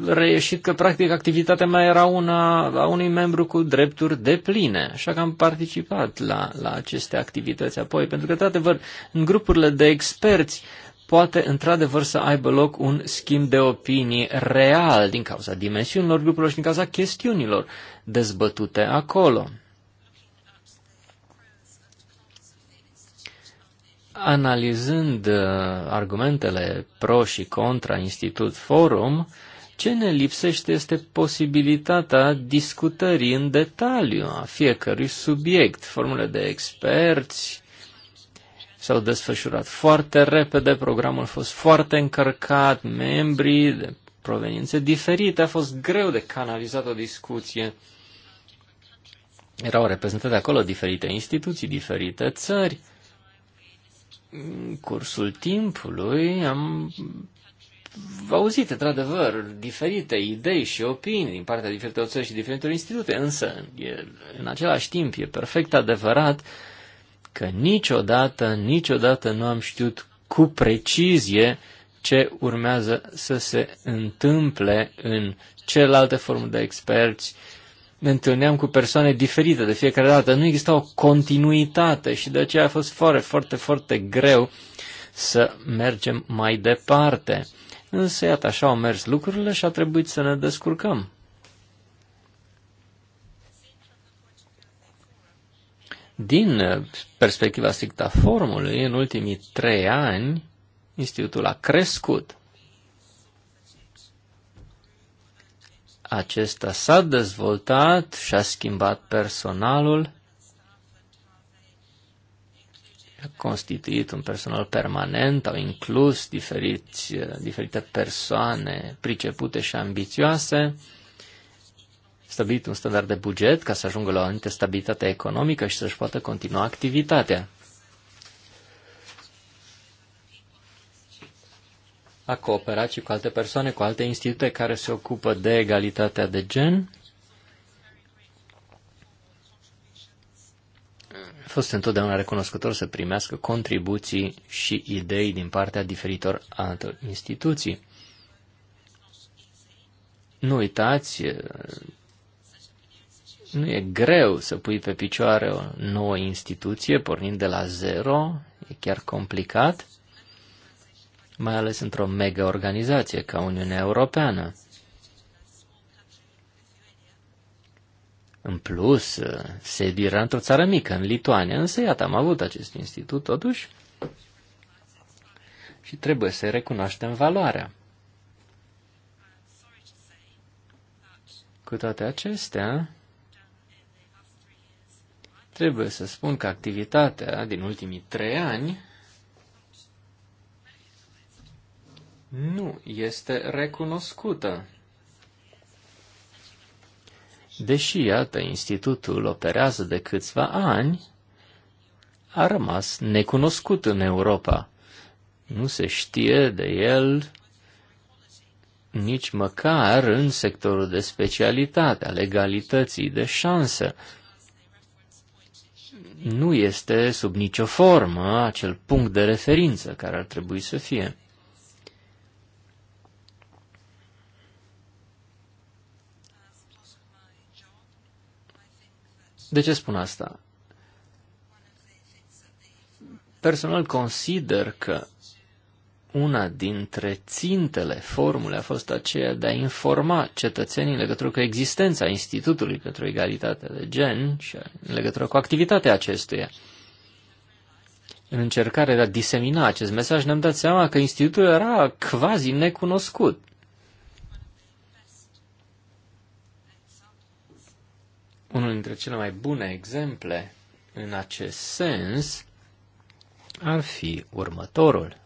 reieșit că practic activitatea mea era una a unui membru cu drepturi de pline, așa că am participat la, la aceste activități apoi, pentru că, într-adevăr, în grupurile de experți poate într-adevăr să aibă loc un schimb de opinii real din cauza dimensiunilor grupurilor și din cauza chestiunilor dezbătute acolo. analizând uh, argumentele pro și contra Institut Forum, ce ne lipsește este posibilitatea discutării în detaliu a fiecărui subiect. Formule de experți s-au desfășurat foarte repede, programul a fost foarte încărcat, membrii de proveniențe diferite, a fost greu de canalizat o discuție. Erau reprezentate acolo diferite instituții, diferite țări în cursul timpului am auzit, într-adevăr, diferite idei și opinii din partea diferitelor țări și diferitelor institute, însă, e, în același timp, e perfect adevărat că niciodată, niciodată nu am știut cu precizie ce urmează să se întâmple în celelalte forme de experți, ne întâlneam cu persoane diferite de fiecare dată. Nu exista o continuitate și de aceea a fost foarte, foarte, foarte greu să mergem mai departe. Însă, iată, așa au mers lucrurile și a trebuit să ne descurcăm. Din uh, perspectiva stricta formului, în ultimii trei ani, institutul a crescut. acesta s-a dezvoltat și-a schimbat personalul, a constituit un personal permanent, au inclus diferiți, diferite persoane pricepute și ambițioase, stabilit un standard de buget ca să ajungă la o anumită stabilitate economică și să-și poată continua activitatea. a cooperat și cu alte persoane, cu alte institute care se ocupă de egalitatea de gen. A fost întotdeauna recunoscător să primească contribuții și idei din partea diferitor altor instituții. Nu uitați, nu e greu să pui pe picioare o nouă instituție pornind de la zero, e chiar complicat mai ales într-o mega-organizație ca Uniunea Europeană. În plus, se era într-o țară mică, în Lituania, însă iată, am avut acest institut totuși și trebuie să recunoaștem valoarea. Cu toate acestea, trebuie să spun că activitatea din ultimii trei ani nu este recunoscută. Deși, iată, institutul operează de câțiva ani, a rămas necunoscut în Europa. Nu se știe de el nici măcar în sectorul de specialitate, a legalității de șansă. Nu este sub nicio formă acel punct de referință care ar trebui să fie. De ce spun asta? Personal consider că una dintre țintele formule a fost aceea de a informa cetățenii în legătură cu existența Institutului pentru Egalitate de Gen și în legătură cu activitatea acestuia. În încercare de a disemina acest mesaj ne-am dat seama că Institutul era quasi necunoscut. Unul dintre cele mai bune exemple în acest sens ar fi următorul.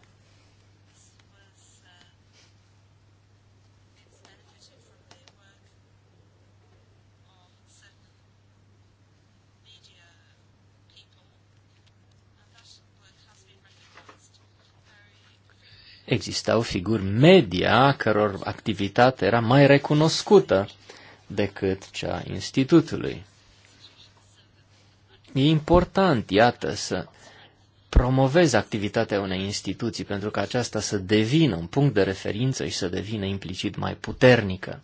Existau figuri media căror activitate era mai recunoscută decât cea a institutului. E important, iată, să promovezi activitatea unei instituții pentru că aceasta să devină un punct de referință și să devină implicit mai puternică.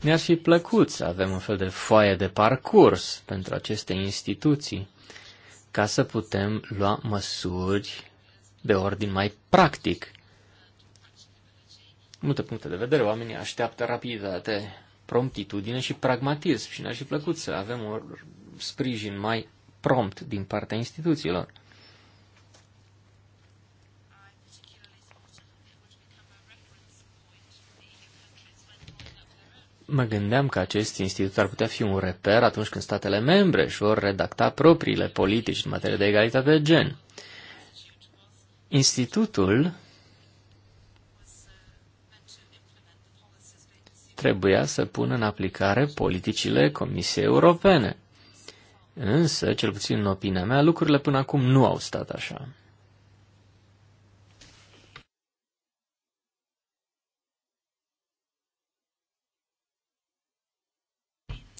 Mi-ar fi plăcut să avem un fel de foaie de parcurs pentru aceste instituții, ca să putem lua măsuri de ordin mai practic multe puncte de vedere, oamenii așteaptă rapiditate, promptitudine și pragmatism și ne-ar fi plăcut să avem un sprijin mai prompt din partea instituțiilor. Mă gândeam că acest institut ar putea fi un reper atunci când statele membre își vor redacta propriile politici în materie de egalitate de gen. Institutul trebuia să pună în aplicare politicile Comisiei Europene. Însă, cel puțin în opinia mea, lucrurile până acum nu au stat așa.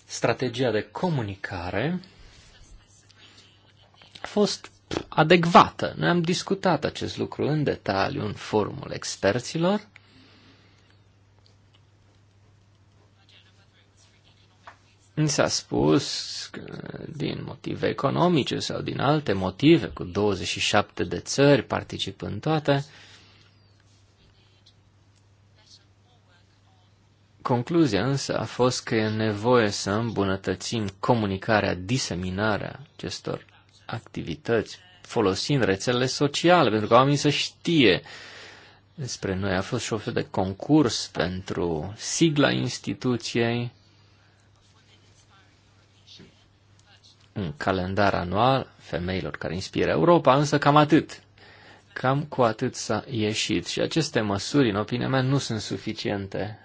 Strategia de comunicare a fost adecvată. Noi am discutat acest lucru în detaliu în forumul experților S-a spus că din motive economice sau din alte motive, cu 27 de țări participând toate, Concluzia însă a fost că e nevoie să îmbunătățim comunicarea, diseminarea acestor activități, folosind rețelele sociale, pentru că oamenii să știe despre noi. A fost și o fel de concurs pentru sigla instituției, un calendar anual femeilor care inspiră Europa, însă cam atât. Cam cu atât s-a ieșit și aceste măsuri, în opinia mea, nu sunt suficiente.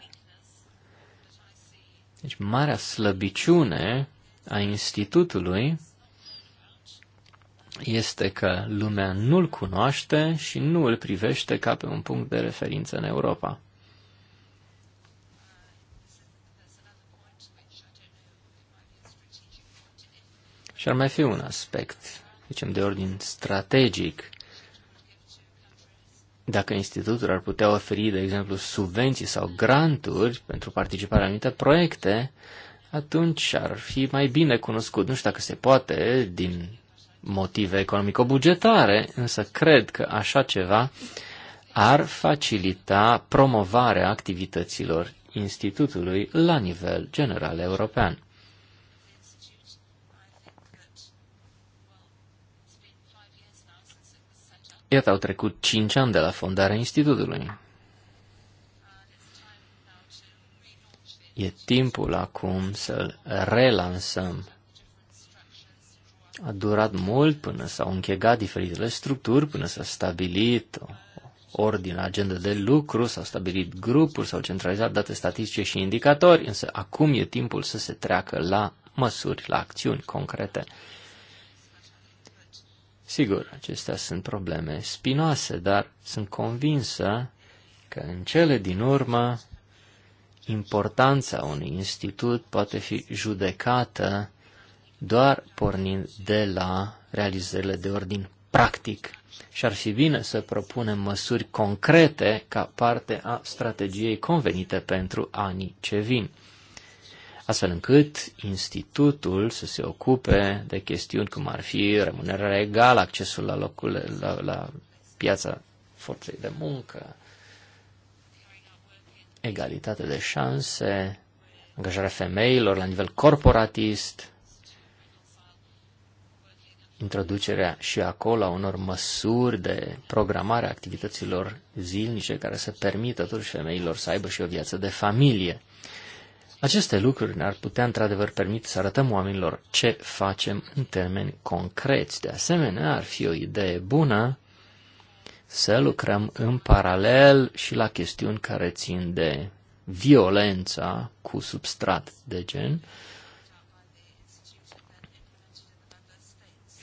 Deci, marea slăbiciune a institutului este că lumea nu-l cunoaște și nu îl privește ca pe un punct de referință în Europa. Și ar mai fi un aspect, zicem, de ordin strategic. Dacă institutul ar putea oferi, de exemplu, subvenții sau granturi pentru participarea anumite proiecte, atunci ar fi mai bine cunoscut. Nu știu dacă se poate din motive economico-bugetare, însă cred că așa ceva ar facilita promovarea activităților institutului la nivel general european. Iată, au trecut cinci ani de la fondarea Institutului. E timpul acum să-l relansăm. A durat mult până s-au închegat diferitele structuri, până s-a stabilit o ordine, agenda de lucru, s-au stabilit grupuri, s-au centralizat date statistice și indicatori, însă acum e timpul să se treacă la măsuri, la acțiuni concrete. Sigur, acestea sunt probleme spinoase, dar sunt convinsă că în cele din urmă importanța unui institut poate fi judecată doar pornind de la realizările de ordin practic și ar fi bine să propunem măsuri concrete ca parte a strategiei convenite pentru anii ce vin astfel încât institutul să se ocupe de chestiuni cum ar fi remunerarea egală, accesul la, locul, la, la piața forței de muncă, egalitate de șanse, angajarea femeilor la nivel corporatist, introducerea și acolo a unor măsuri de programare a activităților zilnice care să permită totuși femeilor să aibă și o viață de familie. Aceste lucruri ne-ar putea într-adevăr permite să arătăm oamenilor ce facem în termeni concreți. De asemenea, ar fi o idee bună să lucrăm în paralel și la chestiuni care țin de violența cu substrat de gen,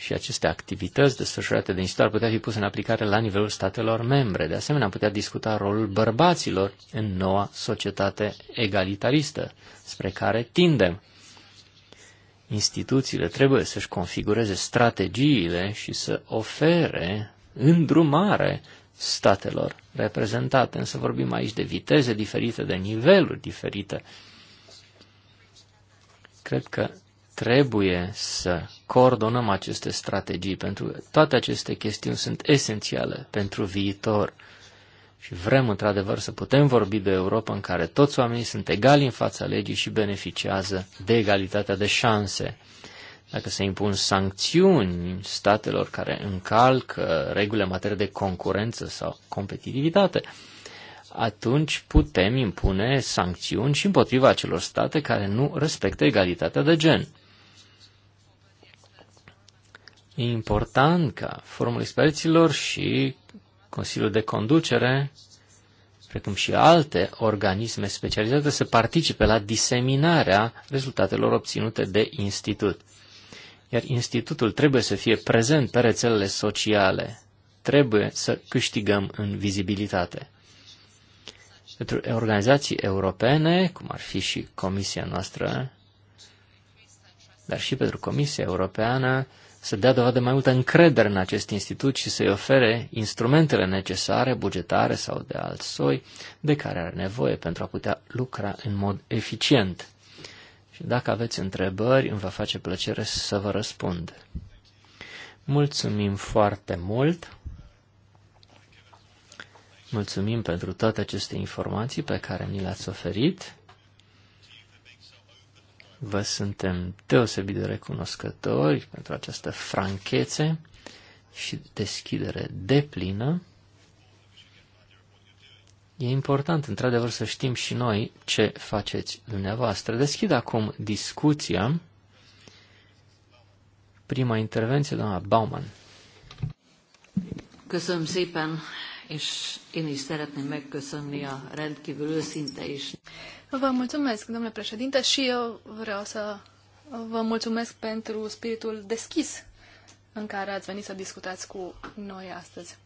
și aceste activități desfășurate de institut ar putea fi puse în aplicare la nivelul statelor membre. De asemenea, am putea discuta rolul bărbaților în noua societate egalitaristă, spre care tindem. Instituțiile trebuie să-și configureze strategiile și să ofere îndrumare statelor reprezentate. Însă vorbim aici de viteze diferite, de niveluri diferite. Cred că Trebuie să coordonăm aceste strategii, pentru că toate aceste chestiuni sunt esențiale pentru viitor. Și vrem, într-adevăr, să putem vorbi de Europa în care toți oamenii sunt egali în fața legii și beneficiază de egalitatea de șanse. Dacă se impun sancțiuni statelor care încalcă regulile în materie de concurență sau competitivitate, atunci putem impune sancțiuni și împotriva acelor state care nu respectă egalitatea de gen. E important ca Forumul Experților și Consiliul de Conducere, precum și alte organisme specializate, să participe la diseminarea rezultatelor obținute de institut. Iar institutul trebuie să fie prezent pe rețelele sociale. Trebuie să câștigăm în vizibilitate. Pentru organizații europene, cum ar fi și Comisia noastră, dar și pentru Comisia Europeană, să dea dovadă mai multă încredere în acest institut și să-i ofere instrumentele necesare, bugetare sau de alt soi, de care are nevoie pentru a putea lucra în mod eficient. Și dacă aveți întrebări, îmi va face plăcere să vă răspund. Mulțumim foarte mult! Mulțumim pentru toate aceste informații pe care ni le-ați oferit. Vă suntem deosebit de recunoscători pentru această franchețe și deschidere deplină. E important, într-adevăr, să știm și noi ce faceți dumneavoastră. Deschid acum discuția. Prima intervenție, doamna Bauman. Köszönöm szépen, és én is szeretném megköszönni a rendkívül őszinte is. Vă mulțumesc, domnule președinte, și eu vreau să vă mulțumesc pentru spiritul deschis în care ați venit să discutați cu noi astăzi.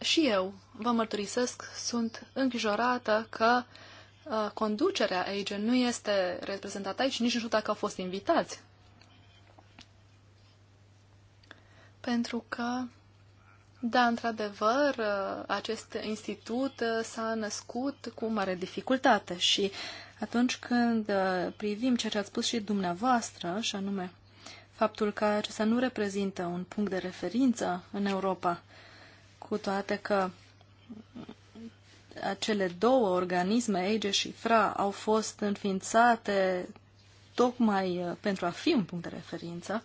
Și eu, vă mărturisesc, sunt îngrijorată că uh, conducerea aici nu este reprezentată aici, nici nu știu dacă au fost invitați. Pentru că da, într-adevăr, acest institut uh, s-a născut cu mare dificultate și atunci când uh, privim ceea ce ați spus și dumneavoastră, și anume faptul că acesta nu reprezintă un punct de referință în Europa, cu toate că acele două organisme, Ege și FRA, au fost înființate tocmai uh, pentru a fi un punct de referință,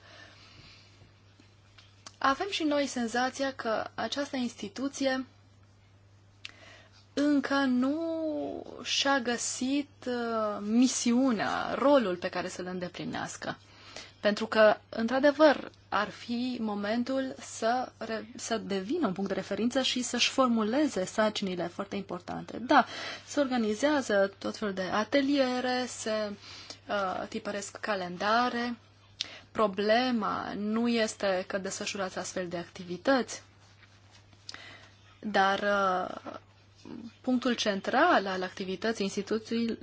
avem și noi senzația că această instituție încă nu și-a găsit uh, misiunea, rolul pe care să-l îndeplinească. Pentru că, într-adevăr, ar fi momentul să, re, să devină un punct de referință și să-și formuleze sarcinile foarte importante. Da, se organizează tot felul de ateliere, se uh, tipăresc calendare, problema nu este că desfășurați astfel de activități, dar uh, punctul central al activității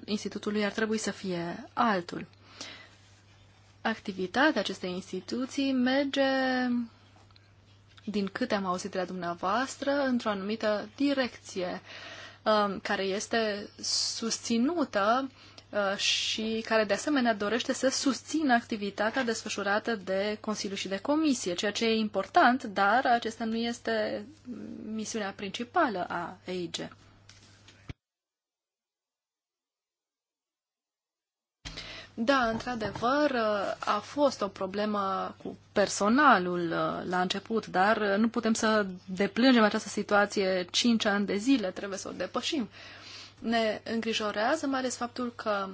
institutului, ar trebui să fie altul. Activitatea acestei instituții merge, din câte am auzit de la dumneavoastră, într-o anumită direcție um, care este susținută Uh, și care de asemenea dorește să susțină activitatea desfășurată de Consiliu și de Comisie, ceea ce e important, dar acesta nu este misiunea principală a EIG. Da, într-adevăr, uh, a fost o problemă cu personalul uh, la început, dar nu putem să deplângem această situație 5 ani de zile, trebuie să o depășim. Uh, ne îngrijorează mai ales faptul că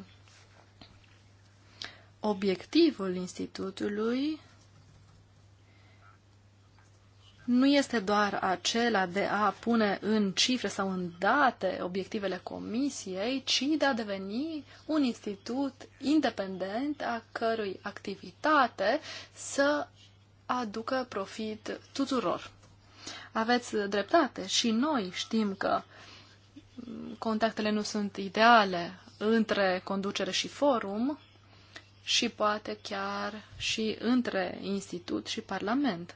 obiectivul institutului nu este doar acela de a pune în cifre sau în date obiectivele comisiei, ci de a deveni un institut independent a cărui activitate să aducă profit tuturor. Aveți dreptate și noi știm că contactele nu sunt ideale între conducere și forum și poate chiar și între institut și parlament.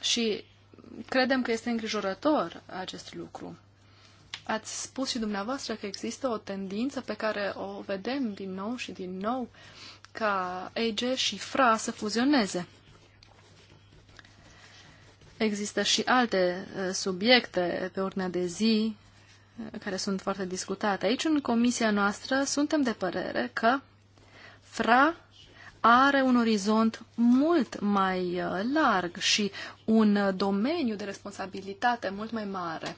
Și credem că este îngrijorător acest lucru. Ați spus și dumneavoastră că există o tendință pe care o vedem din nou și din nou ca EG și FRA să fuzioneze. Există și alte uh, subiecte pe ordinea de zi uh, care sunt foarte discutate. Aici, în comisia noastră, suntem de părere că FRA are un orizont mult mai uh, larg și un domeniu de responsabilitate mult mai mare.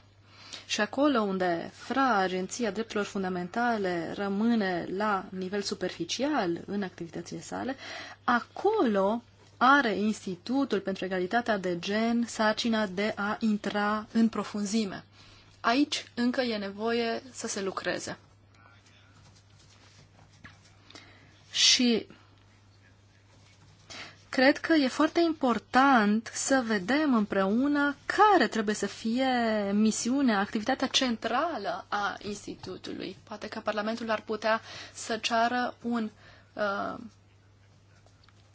Și acolo unde FRA, Agenția Drepturilor Fundamentale, rămâne la nivel superficial în activitățile sale, acolo are Institutul pentru Egalitatea de Gen sarcina de a intra în profunzime. Aici încă e nevoie să se lucreze. Și cred că e foarte important să vedem împreună care trebuie să fie misiunea, activitatea centrală a Institutului. Poate că Parlamentul ar putea să ceară un uh,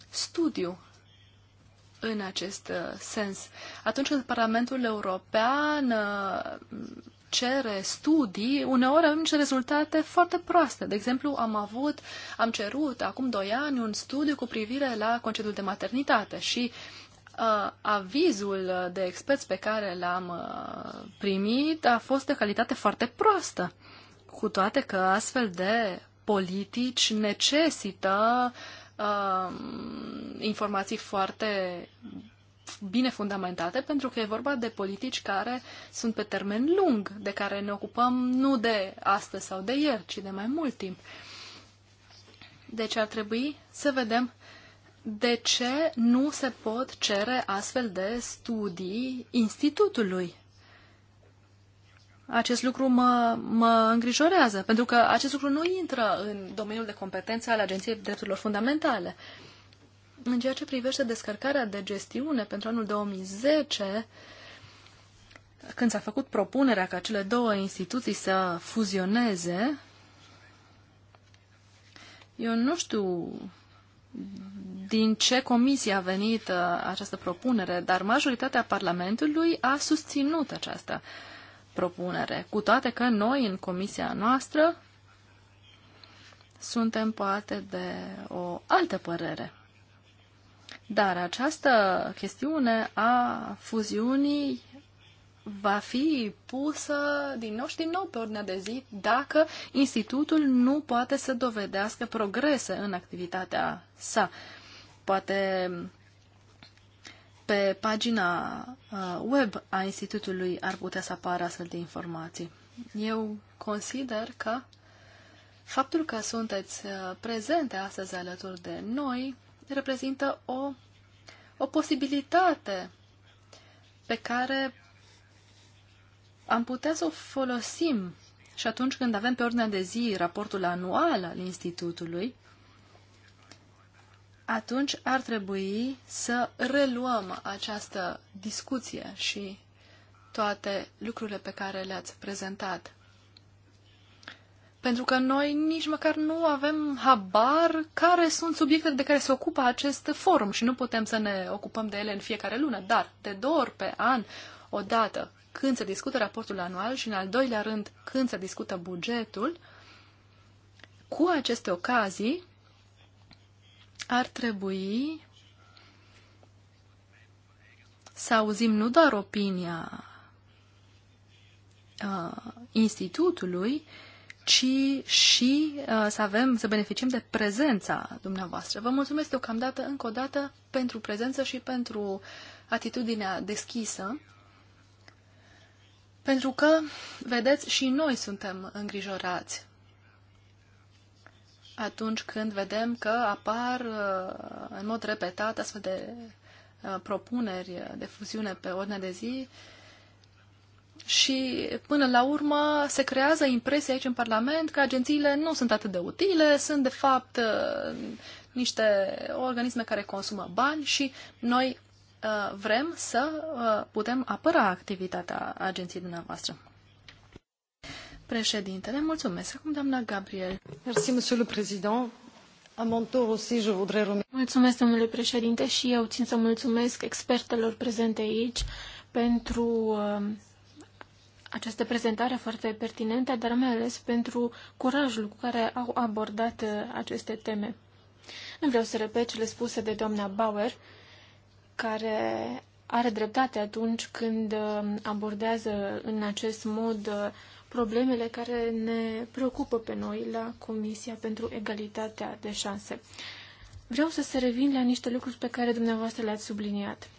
studiu în acest uh, sens. Atunci când Parlamentul European uh, cere studii, uneori avem niște rezultate foarte proaste. De exemplu, am avut, am cerut acum doi ani un studiu cu privire la concediul de maternitate și uh, avizul de experți pe care l-am uh, primit a fost de calitate foarte proastă. Cu toate că astfel de politici necesită uh, uh, informații foarte bine fundamentate, pentru că e vorba de politici care sunt pe termen lung, de care ne ocupăm nu de astăzi sau de ieri, ci de mai mult timp. Deci ar trebui să vedem de ce nu se pot cere astfel de studii institutului acest lucru mă, mă îngrijorează, pentru că acest lucru nu intră în domeniul de competență al Agenției Drepturilor Fundamentale. În ceea ce privește descărcarea de gestiune pentru anul 2010, când s-a făcut propunerea ca cele două instituții să fuzioneze, eu nu știu din ce comisie a venit uh, această propunere, dar majoritatea Parlamentului a susținut aceasta. Uh, propunere, cu toate că noi în comisia noastră suntem poate de o altă părere. Dar această chestiune a fuziunii va fi pusă din nou și din nou pe ordinea de zi dacă institutul nu poate să dovedească progrese în activitatea sa. Poate pe pagina uh, web a Institutului ar putea să apară astfel de informații. Eu consider că faptul că sunteți uh, prezente astăzi alături de noi reprezintă o, o posibilitate pe care am putea să o folosim și atunci când avem pe ordinea de zi raportul anual al Institutului, atunci ar trebui să reluăm această discuție și toate lucrurile pe care le-ați prezentat. Pentru că noi nici măcar nu avem habar care sunt subiectele de care se ocupă acest forum și nu putem să ne ocupăm de ele în fiecare lună, dar de două ori pe an, o dată când se discută raportul anual și în al doilea rând când se discută bugetul, cu aceste ocazii ar trebui să auzim nu doar opinia uh, institutului, ci și uh, să avem, să beneficiem de prezența dumneavoastră. Vă mulțumesc deocamdată încă o dată pentru prezență și pentru atitudinea deschisă, pentru că, vedeți, și noi suntem îngrijorați atunci când vedem că apar uh, în mod repetat astfel de uh, propuneri de fuziune pe ordine de zi și până la urmă se creează impresia aici în Parlament că agențiile nu sunt atât de utile, sunt de fapt uh, niște organisme care consumă bani și noi vrem să putem apăra activitatea agenției dumneavoastră. Președintele, mulțumesc. Acum doamna Gabriel. monsieur le président. Mulțumesc, domnule președinte, și eu țin să mulțumesc expertelor prezente aici pentru um, această prezentare foarte pertinentă, dar mai ales pentru curajul cu care au abordat uh, aceste teme. Nu vreau să repet cele spuse de doamna Bauer, care are dreptate atunci când um, abordează în acest mod uh, problemele care ne preocupă pe noi la Comisia pentru Egalitatea de Șanse. Vreau să se revin la niște lucruri pe care dumneavoastră le-ați subliniat.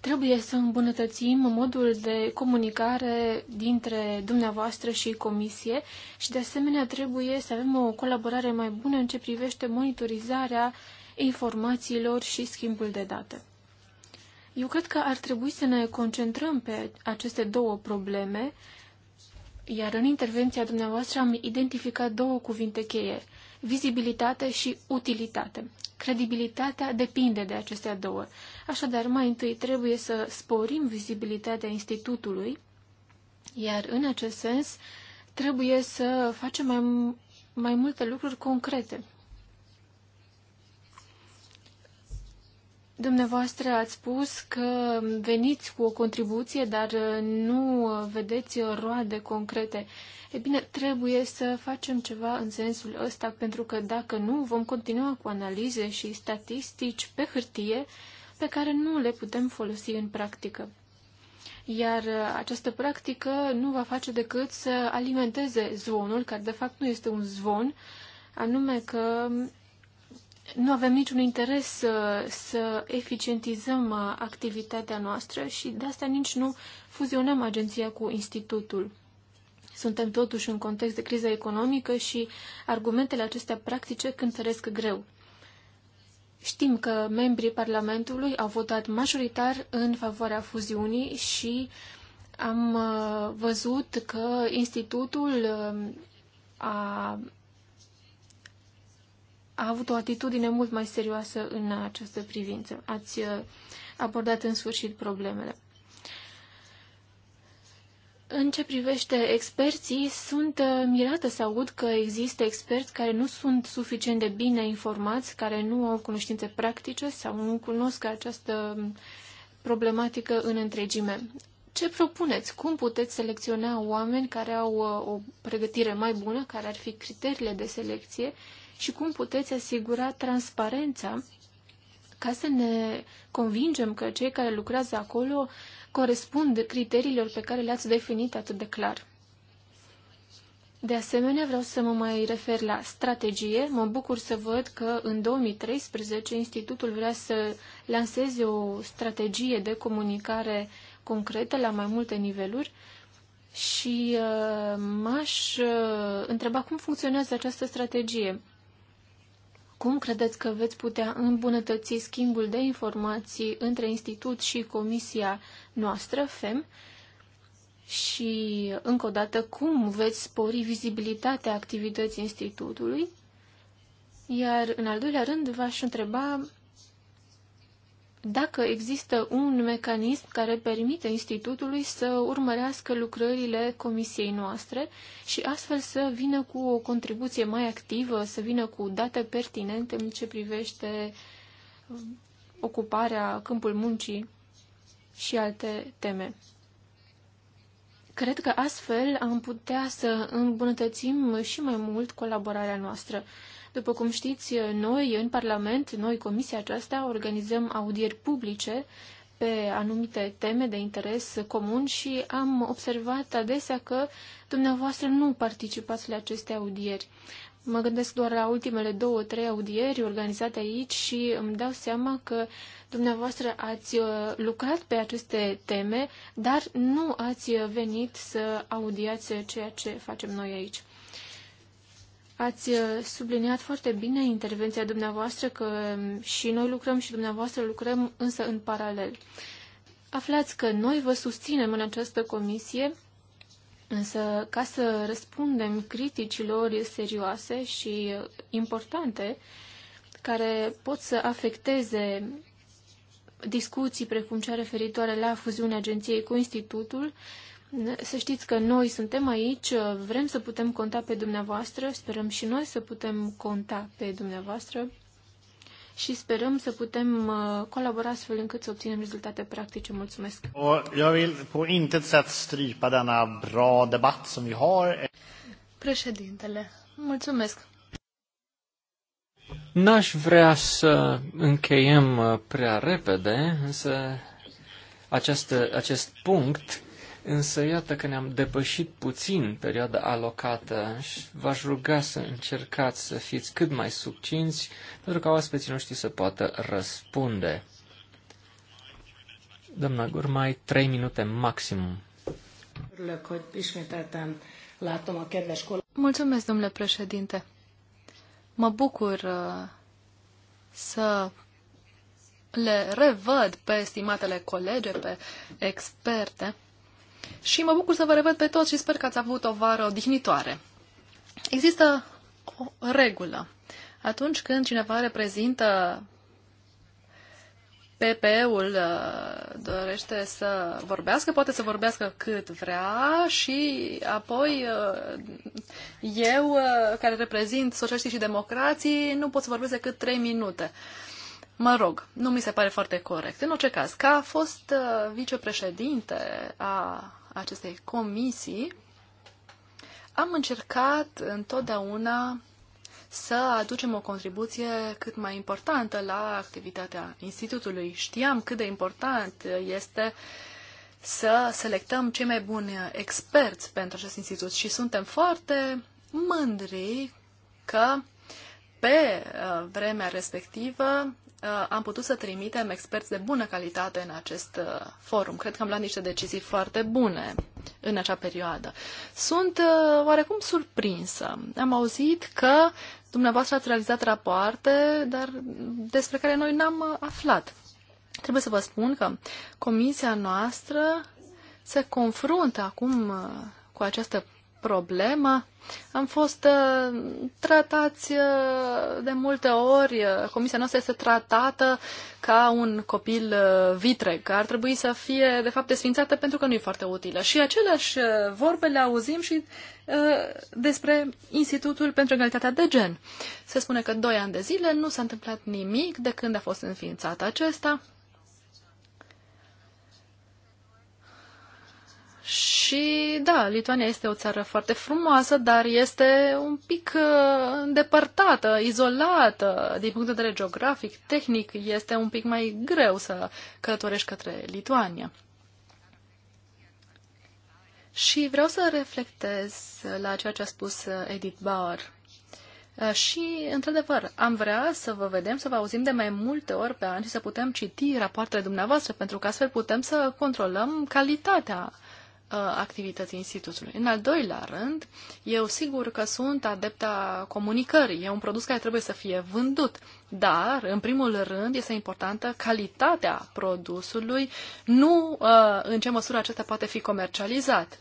Trebuie să îmbunătățim modul de comunicare dintre dumneavoastră și comisie și de asemenea trebuie să avem o colaborare mai bună în ce privește monitorizarea informațiilor și schimbul de date. Eu cred că ar trebui să ne concentrăm pe aceste două probleme, iar în intervenția dumneavoastră am identificat două cuvinte cheie, vizibilitate și utilitate. Credibilitatea depinde de acestea două. Așadar, mai întâi trebuie să sporim vizibilitatea institutului, iar în acest sens trebuie să facem mai, mai multe lucruri concrete. Dumneavoastră ați spus că veniți cu o contribuție, dar uh, nu uh, vedeți uh, roade concrete. E bine, trebuie să facem ceva în sensul ăsta, pentru că dacă nu, vom continua cu analize și statistici pe hârtie pe care nu le putem folosi în practică. Iar această practică nu va face decât să alimenteze zvonul, care de fapt nu este un zvon, anume că nu avem niciun interes să, uh, să eficientizăm uh, activitatea noastră și de asta nici nu fuzionăm agenția cu institutul. Suntem totuși în context de criză economică și argumentele acestea practice cântăresc greu. Știm că membrii Parlamentului au votat majoritar în favoarea fuziunii și am uh, văzut că institutul a a avut o atitudine mult mai serioasă în această privință. Ați uh, abordat în sfârșit problemele. În ce privește experții, sunt uh, mirată să aud că există experți care nu sunt suficient de bine informați, care nu au cunoștințe practice sau nu cunosc această problematică în întregime. Ce propuneți? Cum puteți selecționa oameni care au uh, o pregătire mai bună, care ar fi criteriile de selecție și cum puteți asigura transparența ca să ne convingem că cei care lucrează acolo corespund criteriilor pe care le-ați definit atât de clar. De asemenea, vreau să mă mai refer la strategie. Mă bucur să văd că în 2013 Institutul vrea să lanseze o strategie de comunicare concretă la mai multe niveluri și uh, m-aș uh, întreba cum funcționează această strategie. Cum credeți că veți putea îmbunătăți schimbul de informații între institut și comisia noastră, FEM? Și, încă o dată, cum veți spori vizibilitatea activității institutului? Iar, în al doilea rând, v-aș întreba dacă există un mecanism care permite Institutului să urmărească lucrările comisiei noastre și astfel să vină cu o contribuție mai activă, să vină cu date pertinente în ce privește um, ocuparea câmpul muncii și alte teme. Cred că astfel am putea să îmbunătățim și mai mult colaborarea noastră. După cum știți, noi în Parlament, noi comisia aceasta, organizăm audieri publice pe anumite teme de interes comun și am observat adesea că dumneavoastră nu participați la aceste audieri. Mă gândesc doar la ultimele două, trei audieri organizate aici și îmi dau seama că dumneavoastră ați uh, lucrat pe aceste teme, dar nu ați venit să audiați ceea ce facem noi aici. Ați uh, subliniat foarte bine intervenția dumneavoastră că um, și noi lucrăm și dumneavoastră lucrăm însă în paralel. Aflați că noi vă susținem în această comisie, însă ca să răspundem criticilor serioase și uh, importante care pot să afecteze discuții precum cea referitoare la fuziunea agenției cu institutul, uh, să știți că noi suntem aici, vrem să putem conta pe dumneavoastră, sperăm și noi să putem conta pe dumneavoastră și sperăm să putem uh, colabora astfel încât să obținem rezultate practice. Mulțumesc! Președintele, mulțumesc! N-aș vrea să încheiem uh, prea repede, însă această, acest punct Însă iată că ne-am depășit puțin perioada alocată și v-aș ruga să încercați să fiți cât mai subcinți pentru ca oaspeții noștri să poată răspunde. Doamna Gurmai, trei minute maximum. Mulțumesc, domnule președinte. Mă bucur uh, să le revăd pe estimatele colege, pe experte și mă bucur să vă revăd pe toți și sper că ați avut o vară odihnitoare. Există o regulă. Atunci când cineva reprezintă pp ul uh, dorește să vorbească, poate să vorbească cât vrea și apoi uh, eu, uh, care reprezint socialiștii și democrații, nu pot să vorbesc decât 3 minute. Mă rog, nu mi se pare foarte corect. În orice caz, ca a fost uh, vicepreședinte a acestei comisii, am încercat întotdeauna să aducem o contribuție cât mai importantă la activitatea institutului. Știam cât de important este să selectăm cei mai buni experți pentru acest institut și suntem foarte mândri că pe uh, vremea respectivă Uh, am putut să trimitem experți de bună calitate în acest uh, forum. Cred că am luat niște decizii foarte bune în acea perioadă. Sunt uh, oarecum surprinsă. Am auzit că dumneavoastră ați realizat rapoarte, dar despre care noi n-am aflat. Trebuie să vă spun că comisia noastră se confruntă acum cu această problema. Am fost uh, tratați uh, de multe ori, uh, comisia noastră este tratată ca un copil vitreg, care ar trebui să fie, de fapt, desfințată pentru că nu e foarte utilă. Și aceleași vorbe le auzim și despre Institutul pentru Egalitatea de Gen. Se spune că doi ani de zile nu s-a întâmplat nimic de când a fost înființat acesta. Și da, Lituania este o țară foarte frumoasă, dar este un pic uh, îndepărtată, izolată din punct de vedere geografic, tehnic, este un pic mai greu să călătorești către Lituania. Și vreau să reflectez la ceea ce a spus Edith Bauer. Uh, și, într-adevăr, am vrea să vă vedem, să vă auzim de mai multe ori pe an și să putem citi rapoartele dumneavoastră, pentru că astfel putem să controlăm calitatea Uh, activității institutului. În al doilea rând, eu sigur că sunt adepta comunicării. E un produs care trebuie să fie vândut, dar, în primul rând, este importantă calitatea produsului, nu uh, în ce măsură acesta poate fi comercializat,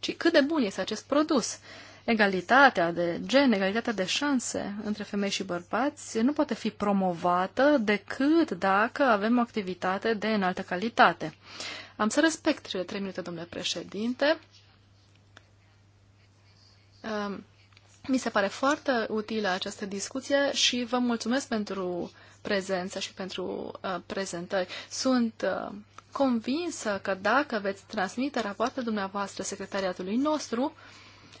ci cât de bun este acest produs. Egalitatea de gen, egalitatea de șanse între femei și bărbați nu poate fi promovată decât dacă avem o activitate de înaltă calitate. Am să respect cele trei minute, domnule președinte. Ehm, mi se pare foarte utilă această discuție și vă mulțumesc pentru prezență și pentru uh, prezentări. Sunt uh, convinsă că dacă veți transmite rapoartele dumneavoastră secretariatului nostru,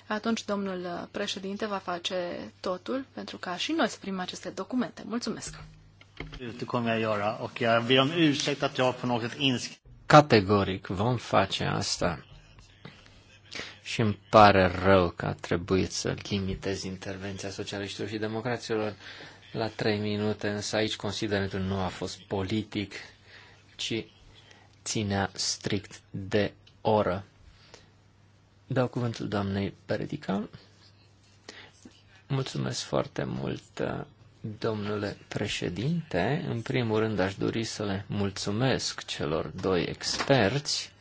atunci domnul președinte va face totul pentru ca și noi să primim aceste documente. Mulțumesc! Det kommer jag göra och jag ber om ursäkt att jag på något sätt Categoric vom face asta. Și îmi pare rău că a trebuit să limitez intervenția socialiștilor și democraților la trei minute, însă aici considerentul nu a fost politic, ci ținea strict de oră. Dau cuvântul doamnei Peredica. Mulțumesc foarte mult, Domnule președinte, în primul rând aș dori să le mulțumesc celor doi experți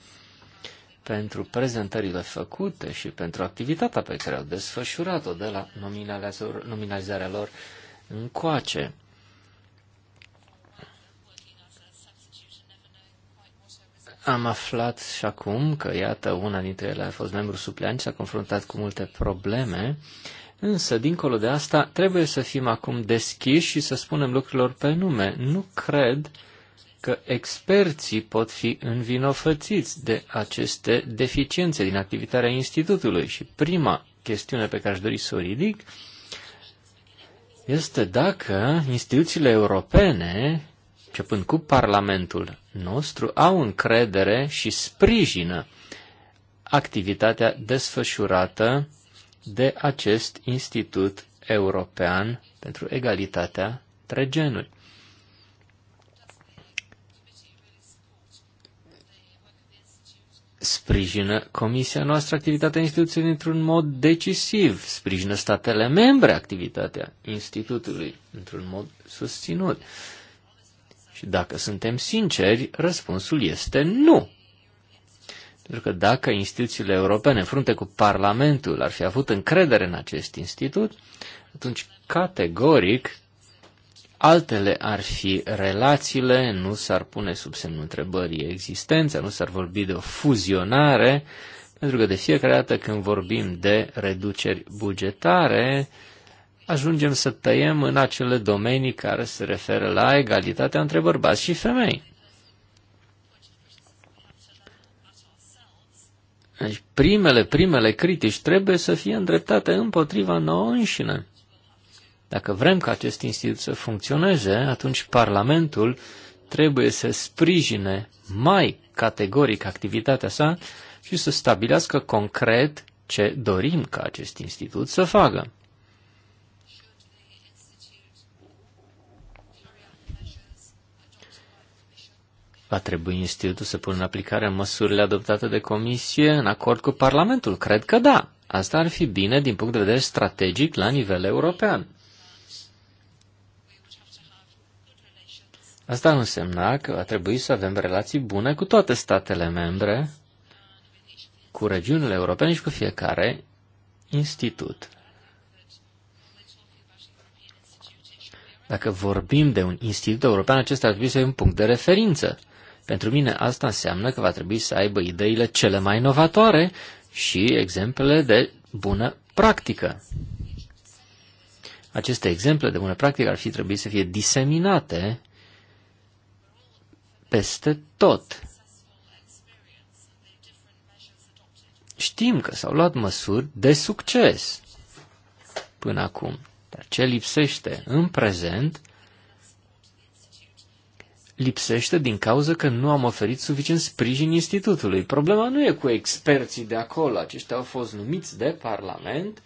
pentru prezentările făcute și pentru activitatea pe care au desfășurat-o de la nominalizarea lor încoace. Am aflat și acum că, iată, una dintre ele a fost membru supleant și s-a confruntat cu multe probleme. Uh, Însă, dincolo de asta, trebuie să fim acum deschiși și să spunem lucrurilor pe nume. Nu cred că experții pot fi învinovățiți de aceste deficiențe din activitatea institutului. Și prima chestiune pe care aș dori să o ridic este dacă instituțiile europene, începând cu Parlamentul nostru, au încredere și sprijină activitatea desfășurată de acest Institut European pentru Egalitatea între genuri. Sprijină Comisia noastră activitatea instituției într-un mod decisiv, sprijină statele membre activitatea Institutului într-un mod susținut. Și dacă suntem sinceri, răspunsul este nu. Pentru că dacă instituțiile europene, în frunte cu Parlamentul, ar fi avut încredere în acest institut, atunci categoric altele ar fi relațiile, nu s-ar pune sub semnul întrebării existența, nu s-ar vorbi de o fuzionare, pentru că de fiecare dată când vorbim de reduceri bugetare, ajungem să tăiem în acele domenii care se referă la egalitatea între bărbați și femei. Deci primele, primele critici trebuie să fie îndreptate împotriva nouă înșine. Dacă vrem ca acest institut să funcționeze, atunci Parlamentul trebuie să sprijine mai categoric activitatea sa și să stabilească concret ce dorim ca acest institut să facă. Va trebui institutul să pună în aplicare măsurile adoptate de comisie în acord cu Parlamentul? Cred că da. Asta ar fi bine din punct de vedere strategic la nivel european. Asta ar însemna că va trebui să avem relații bune cu toate statele membre, cu regiunile europene și cu fiecare institut. Dacă vorbim de un institut european, acesta ar trebui să fie un punct de referință. Pentru mine asta înseamnă că va trebui să aibă ideile cele mai inovatoare și exemplele de bună practică. Aceste exemple de bună practică ar fi trebuit să fie diseminate peste tot. Știm că s-au luat măsuri de succes până acum, dar ce lipsește în prezent lipsește din cauza că nu am oferit suficient sprijin institutului. Problema nu e cu experții de acolo, aceștia au fost numiți de Parlament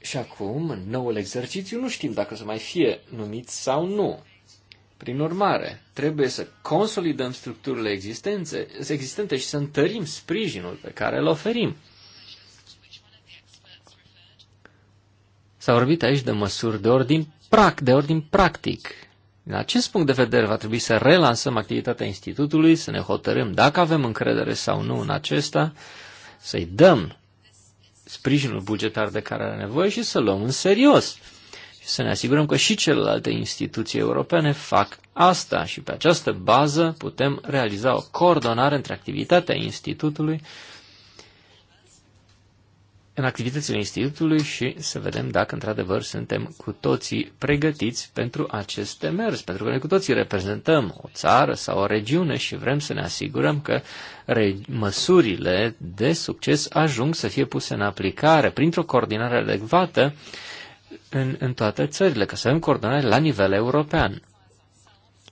și acum, în noul exercițiu, nu știm dacă să mai fie numiți sau nu. Prin urmare, trebuie să consolidăm structurile existențe, existente și să întărim sprijinul pe care îl oferim. S-a vorbit aici de măsuri de ordin prac, de ordin practic. Din acest punct de vedere, va trebui să relansăm activitatea institutului, să ne hotărâm dacă avem încredere sau nu în acesta, să-i dăm sprijinul bugetar de care are nevoie și să luăm în serios. Și să ne asigurăm că și celelalte instituții europene fac asta și pe această bază putem realiza o coordonare între activitatea institutului în activitățile institutului și să vedem dacă într-adevăr suntem cu toții pregătiți pentru aceste mers, pentru că noi cu toții reprezentăm o țară sau o regiune și vrem să ne asigurăm că măsurile de succes ajung să fie puse în aplicare printr-o coordonare adecvată în, în toate țările, că să avem coordonare la nivel european.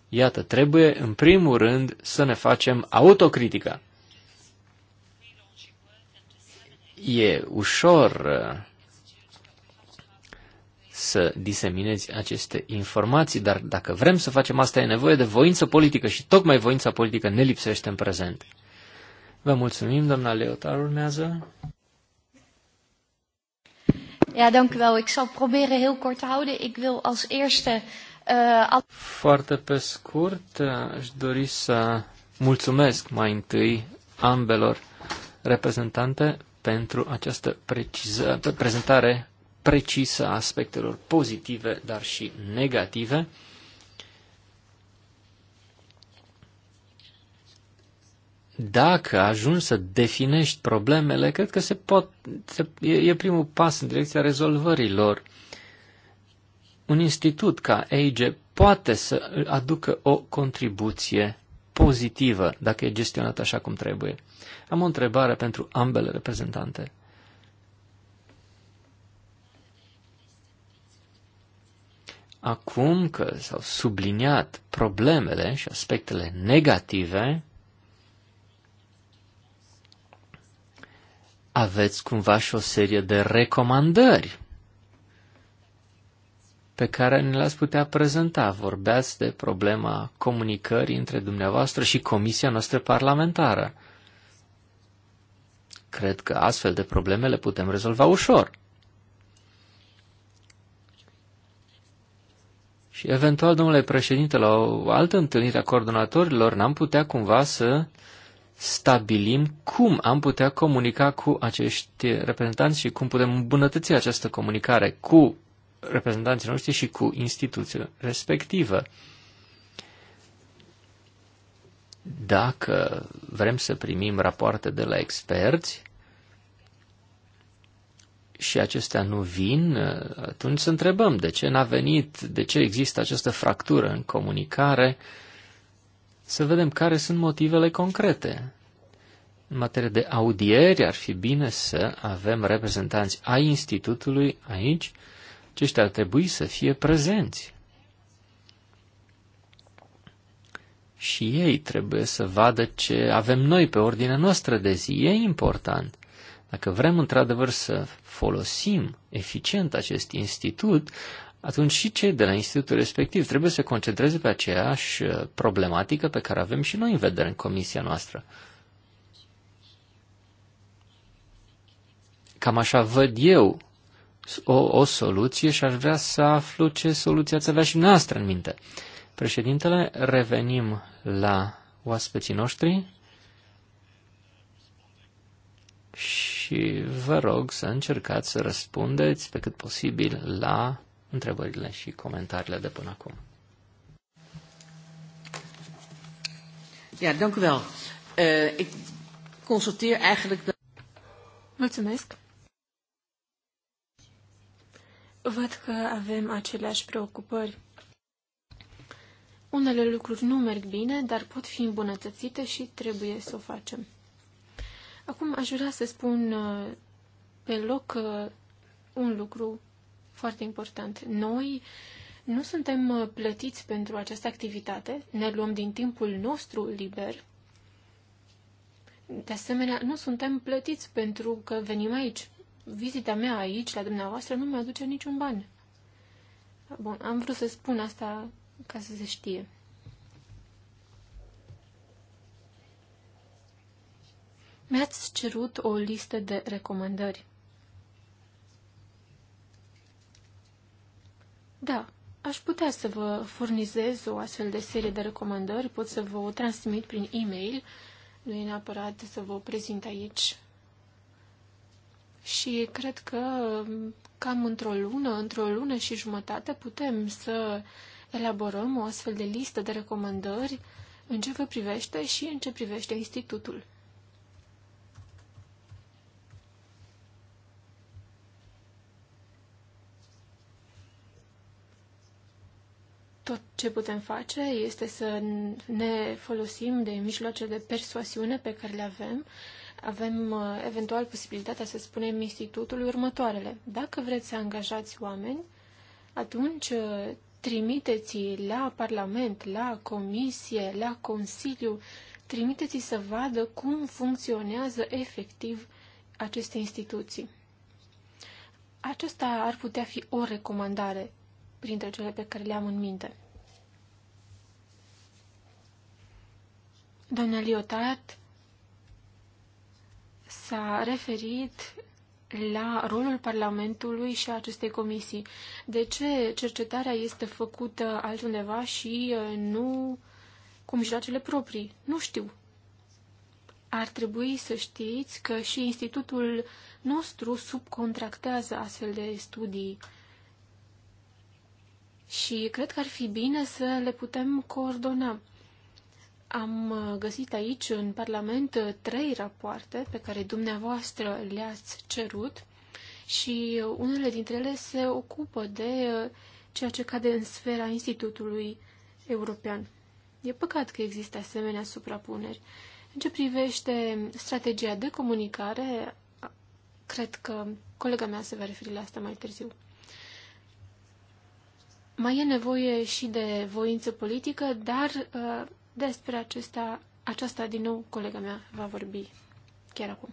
Iată, trebuie în primul rând să ne facem autocritica e ușor uh, să diseminezi aceste informații, dar dacă vrem să facem asta, e nevoie de voință politică și tocmai voința politică ne lipsește în prezent. Vă mulțumim, doamna Leotar urmează. Ja, dank u wel. Ik zal proberen heel kort te houden. Ik wil als eerste... Uh, Foarte pe scurt, eh, aș dori să mulțumesc mai întâi ambelor reprezentante pentru această preciză, prezentare precisă a aspectelor pozitive, dar și negative. Dacă ajungi să definești problemele, cred că se pot, se, e primul pas în direcția rezolvărilor. Un institut ca AGE poate să aducă o contribuție pozitivă dacă e gestionată așa cum trebuie. Am o întrebare pentru ambele reprezentante. Acum că s-au subliniat problemele și aspectele negative, aveți cumva și o serie de recomandări pe care ne l ați putea prezenta. Vorbeați de problema comunicării între dumneavoastră și comisia noastră parlamentară. Cred că astfel de probleme le putem rezolva ușor. Și eventual, domnule președinte, la o altă întâlnire a coordonatorilor, n-am putea cumva să stabilim cum am putea comunica cu acești reprezentanți și cum putem îmbunătăți această comunicare cu reprezentanții noștri și cu instituțiile respectivă. Dacă vrem să primim rapoarte de la experți și acestea nu vin, atunci să întrebăm de ce n-a venit, de ce există această fractură în comunicare, să vedem care sunt motivele concrete. În materie de audieri, ar fi bine să avem reprezentanți ai institutului aici aceștia deci ar trebui să fie prezenți. Și ei trebuie să vadă ce avem noi pe ordinea noastră de zi. E important. Dacă vrem într-adevăr să folosim eficient acest institut, atunci și cei de la institutul respectiv trebuie să se concentreze pe aceeași uh, problematică pe care avem și noi în vedere în comisia noastră. Cam așa văd eu o, o soluție și aș vrea să aflu ce soluție ați avea și noastră în minte. Președintele, revenim la oaspeții noștri și vă rog să încercați să răspundeți pe cât posibil la întrebările și comentariile de până acum. Ja, dank u wel. Uh, ik constateer eigenlijk dat... Mulțumesc văd că avem aceleași preocupări. Unele lucruri nu merg bine, dar pot fi îmbunătățite și trebuie să o facem. Acum aș vrea să spun uh, pe loc uh, un lucru foarte important. Noi nu suntem uh, plătiți pentru această activitate, ne luăm din timpul nostru liber. De asemenea, nu suntem plătiți pentru că venim aici vizita mea aici, la dumneavoastră, nu mi-aduce niciun ban. Bun, am vrut să spun asta ca să se știe. Mi-ați cerut o listă de recomandări. Da, aș putea să vă furnizez o astfel de serie de recomandări, pot să vă o transmit prin e-mail, nu e neapărat să vă prezint aici și cred că cam într-o lună, într-o lună și jumătate putem să elaborăm o astfel de listă de recomandări în ce vă privește și în ce privește institutul. tot ce putem face este să ne folosim de mijloace de persoasiune pe care le avem, avem uh, eventual posibilitatea să spunem institutului următoarele. Dacă vreți să angajați oameni, atunci uh, trimiteți la Parlament, la Comisie, la Consiliu, trimiteți să vadă cum funcționează efectiv aceste instituții. Aceasta ar putea fi o recomandare printre cele pe care le am în minte. Doamna Liotard s-a referit la rolul Parlamentului și a acestei comisii. De ce cercetarea este făcută altundeva și uh, nu cu mijloacele proprii? Nu știu. Ar trebui să știți că și institutul nostru subcontractează astfel de studii. Și cred că ar fi bine să le putem coordona. Am uh, găsit aici, în Parlament, uh, trei rapoarte pe care dumneavoastră le-ați cerut și uh, unele dintre ele se ocupă de ceea ce cade în sfera Institutului European. E păcat că există asemenea suprapuneri. În ce privește strategia de comunicare, cred că colega mea se va referi la asta mai târziu. Mai e nevoie și de voință politică, dar despre acesta, aceasta, din nou, colega mea va vorbi chiar acum.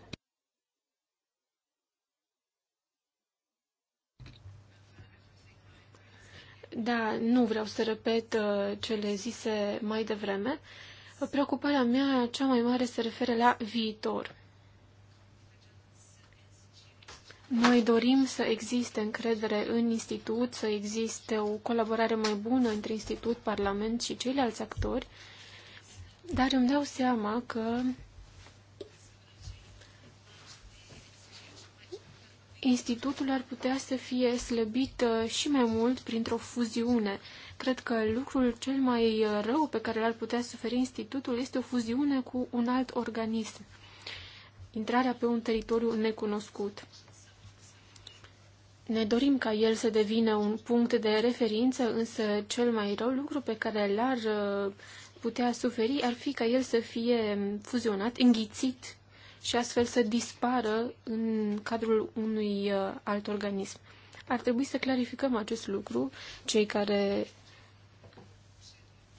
Da, nu vreau să repet uh, cele zise mai devreme. Preocuparea mea cea mai mare se referă la viitor. Noi dorim să existe încredere în institut, să existe o colaborare mai bună între institut, parlament și ceilalți actori, uh, dar îmi dau seama că institutul ar putea să fie slăbit uh, și mai mult printr-o fuziune. Cred că lucrul cel mai uh, rău pe care l-ar putea suferi institutul este o fuziune cu un alt organism. Intrarea pe un teritoriu necunoscut. Ne dorim ca el să devină un punct de referință, însă cel mai rău lucru pe care l-ar uh, putea suferi ar fi ca el să fie fuzionat, înghițit și astfel să dispară în cadrul unui uh, alt organism. Ar trebui să clarificăm acest lucru. Cei care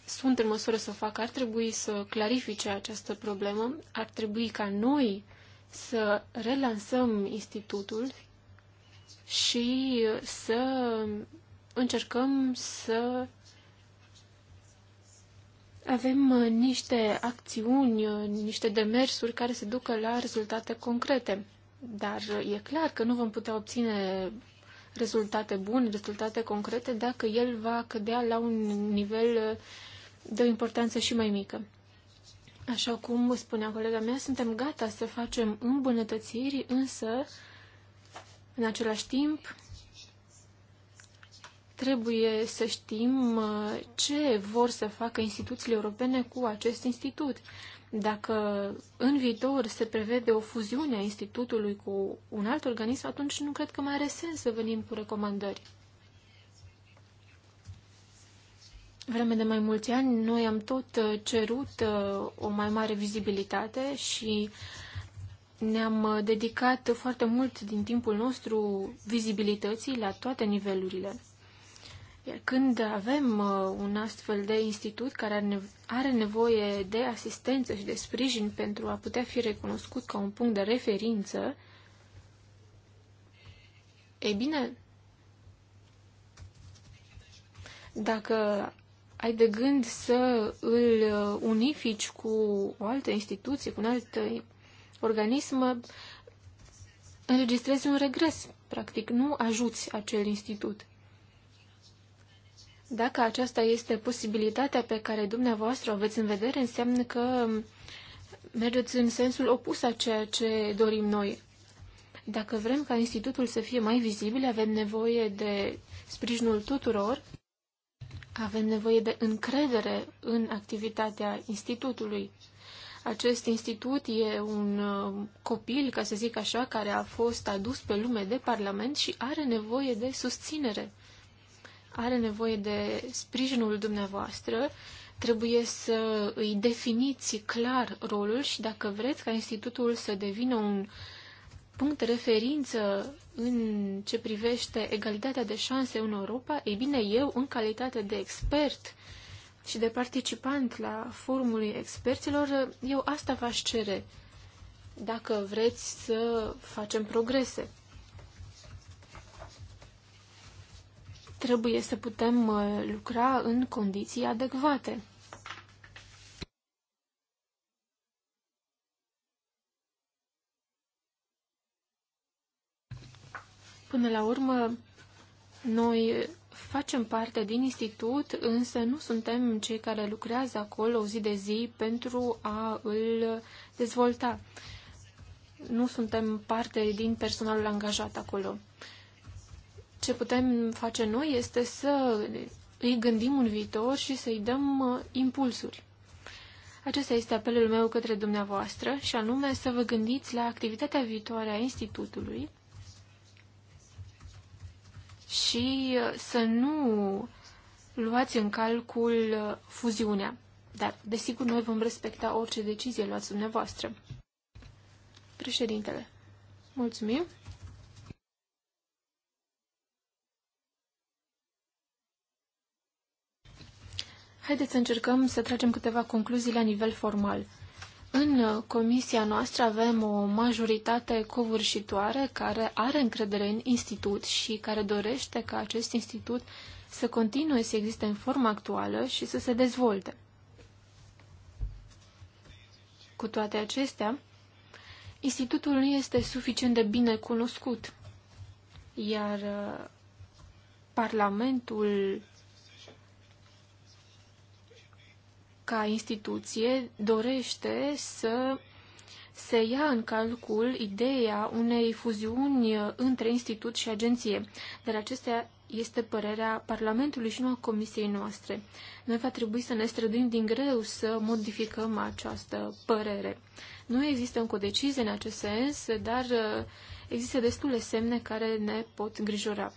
sunt în măsură să o facă ar trebui să clarifice această problemă. Ar trebui ca noi să relansăm institutul și să încercăm să avem uh, niște acțiuni, uh, niște demersuri care se ducă la rezultate concrete. Dar uh, e clar că nu vom putea obține rezultate bune, rezultate concrete, dacă el va cădea la un nivel de o importanță și mai mică. Așa cum spunea colega mea, suntem gata să facem îmbunătățiri, însă, în același timp, Trebuie să știm uh, ce vor să facă instituțiile europene cu acest institut. Dacă în viitor se prevede o fuziune a institutului cu un alt organism, atunci nu cred că mai are sens să venim cu recomandări. vreme de mai mulți ani, noi am tot uh, cerut uh, o mai mare vizibilitate și ne-am dedicat foarte mult din timpul nostru vizibilității la toate nivelurile. Iar când avem uh, un astfel de institut care are nevoie de asistență și de sprijin pentru a putea fi recunoscut ca un punct de referință, e bine, dacă ai de gând să îl uh, unifici cu o altă instituție, cu un alt uh, organism, înregistrezi un regres. Practic, nu ajuți acel institut. Dacă aceasta este posibilitatea pe care dumneavoastră o aveți în vedere, înseamnă că mergeți în sensul opus a ceea ce dorim noi. Dacă vrem ca institutul să fie mai vizibil, avem nevoie de sprijinul tuturor, avem nevoie de încredere în activitatea institutului. Acest institut e un uh, copil, ca să zic așa, care a fost adus pe lume de Parlament și are nevoie de susținere are nevoie de sprijinul dumneavoastră. Trebuie să îi definiți clar rolul și dacă vreți ca institutul să devină un punct de referință în ce privește egalitatea de șanse în Europa, ei bine, eu, în calitate de expert și de participant la forumului experților, eu asta v-aș cere dacă vreți să facem progrese. Trebuie să putem uh, lucra în condiții adecvate. Până la urmă, noi facem parte din institut, însă nu suntem cei care lucrează acolo zi de zi pentru a îl dezvolta. Nu suntem parte din personalul angajat acolo. Ce putem face noi este să îi gândim un viitor și să-i dăm uh, impulsuri. Acesta este apelul meu către dumneavoastră și anume să vă gândiți la activitatea viitoare a Institutului și uh, să nu luați în calcul uh, fuziunea. Dar, desigur, noi vom respecta orice decizie luați dumneavoastră. Președintele, mulțumim. Haideți să încercăm să tragem câteva concluzii la nivel formal. În uh, comisia noastră avem o majoritate covârșitoare care are încredere în institut și care dorește ca acest institut să continue să existe în forma actuală și să se dezvolte. Cu toate acestea, institutul nu este suficient de bine cunoscut, iar uh, Parlamentul ca instituție dorește să se ia în calcul ideea unei fuziuni între institut și agenție, dar acestea este părerea Parlamentului și nu a Comisiei noastre. Noi va trebui să ne străduim din greu să modificăm această părere. Nu există încă o decizie în acest sens, dar uh, există destule semne care ne pot îngrijora.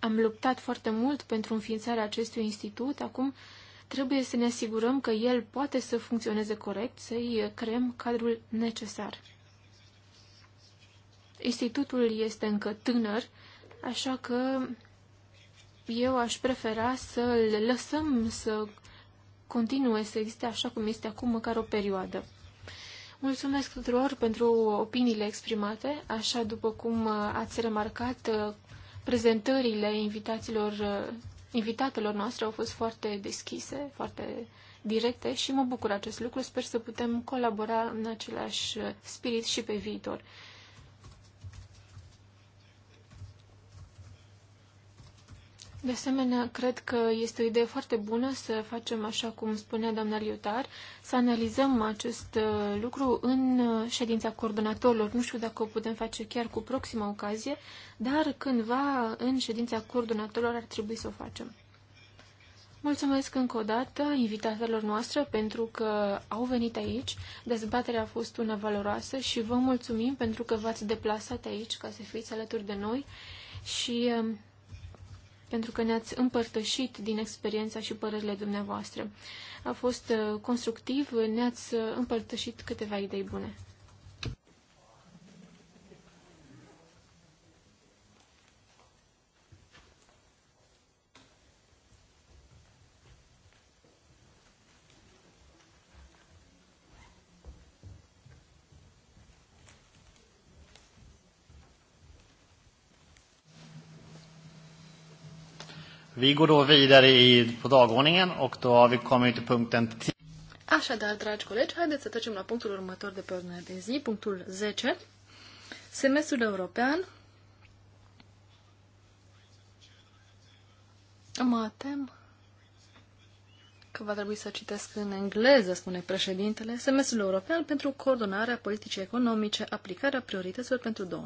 Am luptat foarte mult pentru înființarea acestui institut, acum Trebuie să ne asigurăm că el poate să funcționeze corect, să-i creăm cadrul necesar. Institutul este încă tânăr, așa că eu aș prefera să l lăsăm să continue să existe așa cum este acum, măcar o perioadă. Mulțumesc tuturor pentru opiniile exprimate. Așa după cum ați remarcat, prezentările invitaților invitatelor noastre au fost foarte deschise, foarte directe și mă bucur acest lucru. Sper să putem colabora în același spirit și pe viitor. De asemenea, cred că este o idee foarte bună să facem așa cum spunea doamna Liutar, să analizăm acest uh, lucru în uh, ședința coordonatorilor. Nu știu dacă o putem face chiar cu proxima ocazie, dar cândva în ședința coordonatorilor ar trebui să o facem. Mulțumesc încă o dată invitatelor noastre pentru că au venit aici. Dezbaterea a fost una valoroasă și vă mulțumim pentru că v-ați deplasat aici ca să fiți alături de noi și um, pentru că ne-ați împărtășit din experiența și părerile dumneavoastră. A fost uh, constructiv, ne-ați uh, împărtășit câteva idei bune. Vi går då vidare i, på dagordningen och då har vi kommit till punkten 10. Așadar, dragi colegi, haideți să trecem la punctul următor de pe ordinea de zi, punctul 10, semestrul european. Mă tem că va trebui să citesc în engleză, spune președintele, semestrul european pentru coordonarea politicii economice, aplicarea priorităților pentru 2000.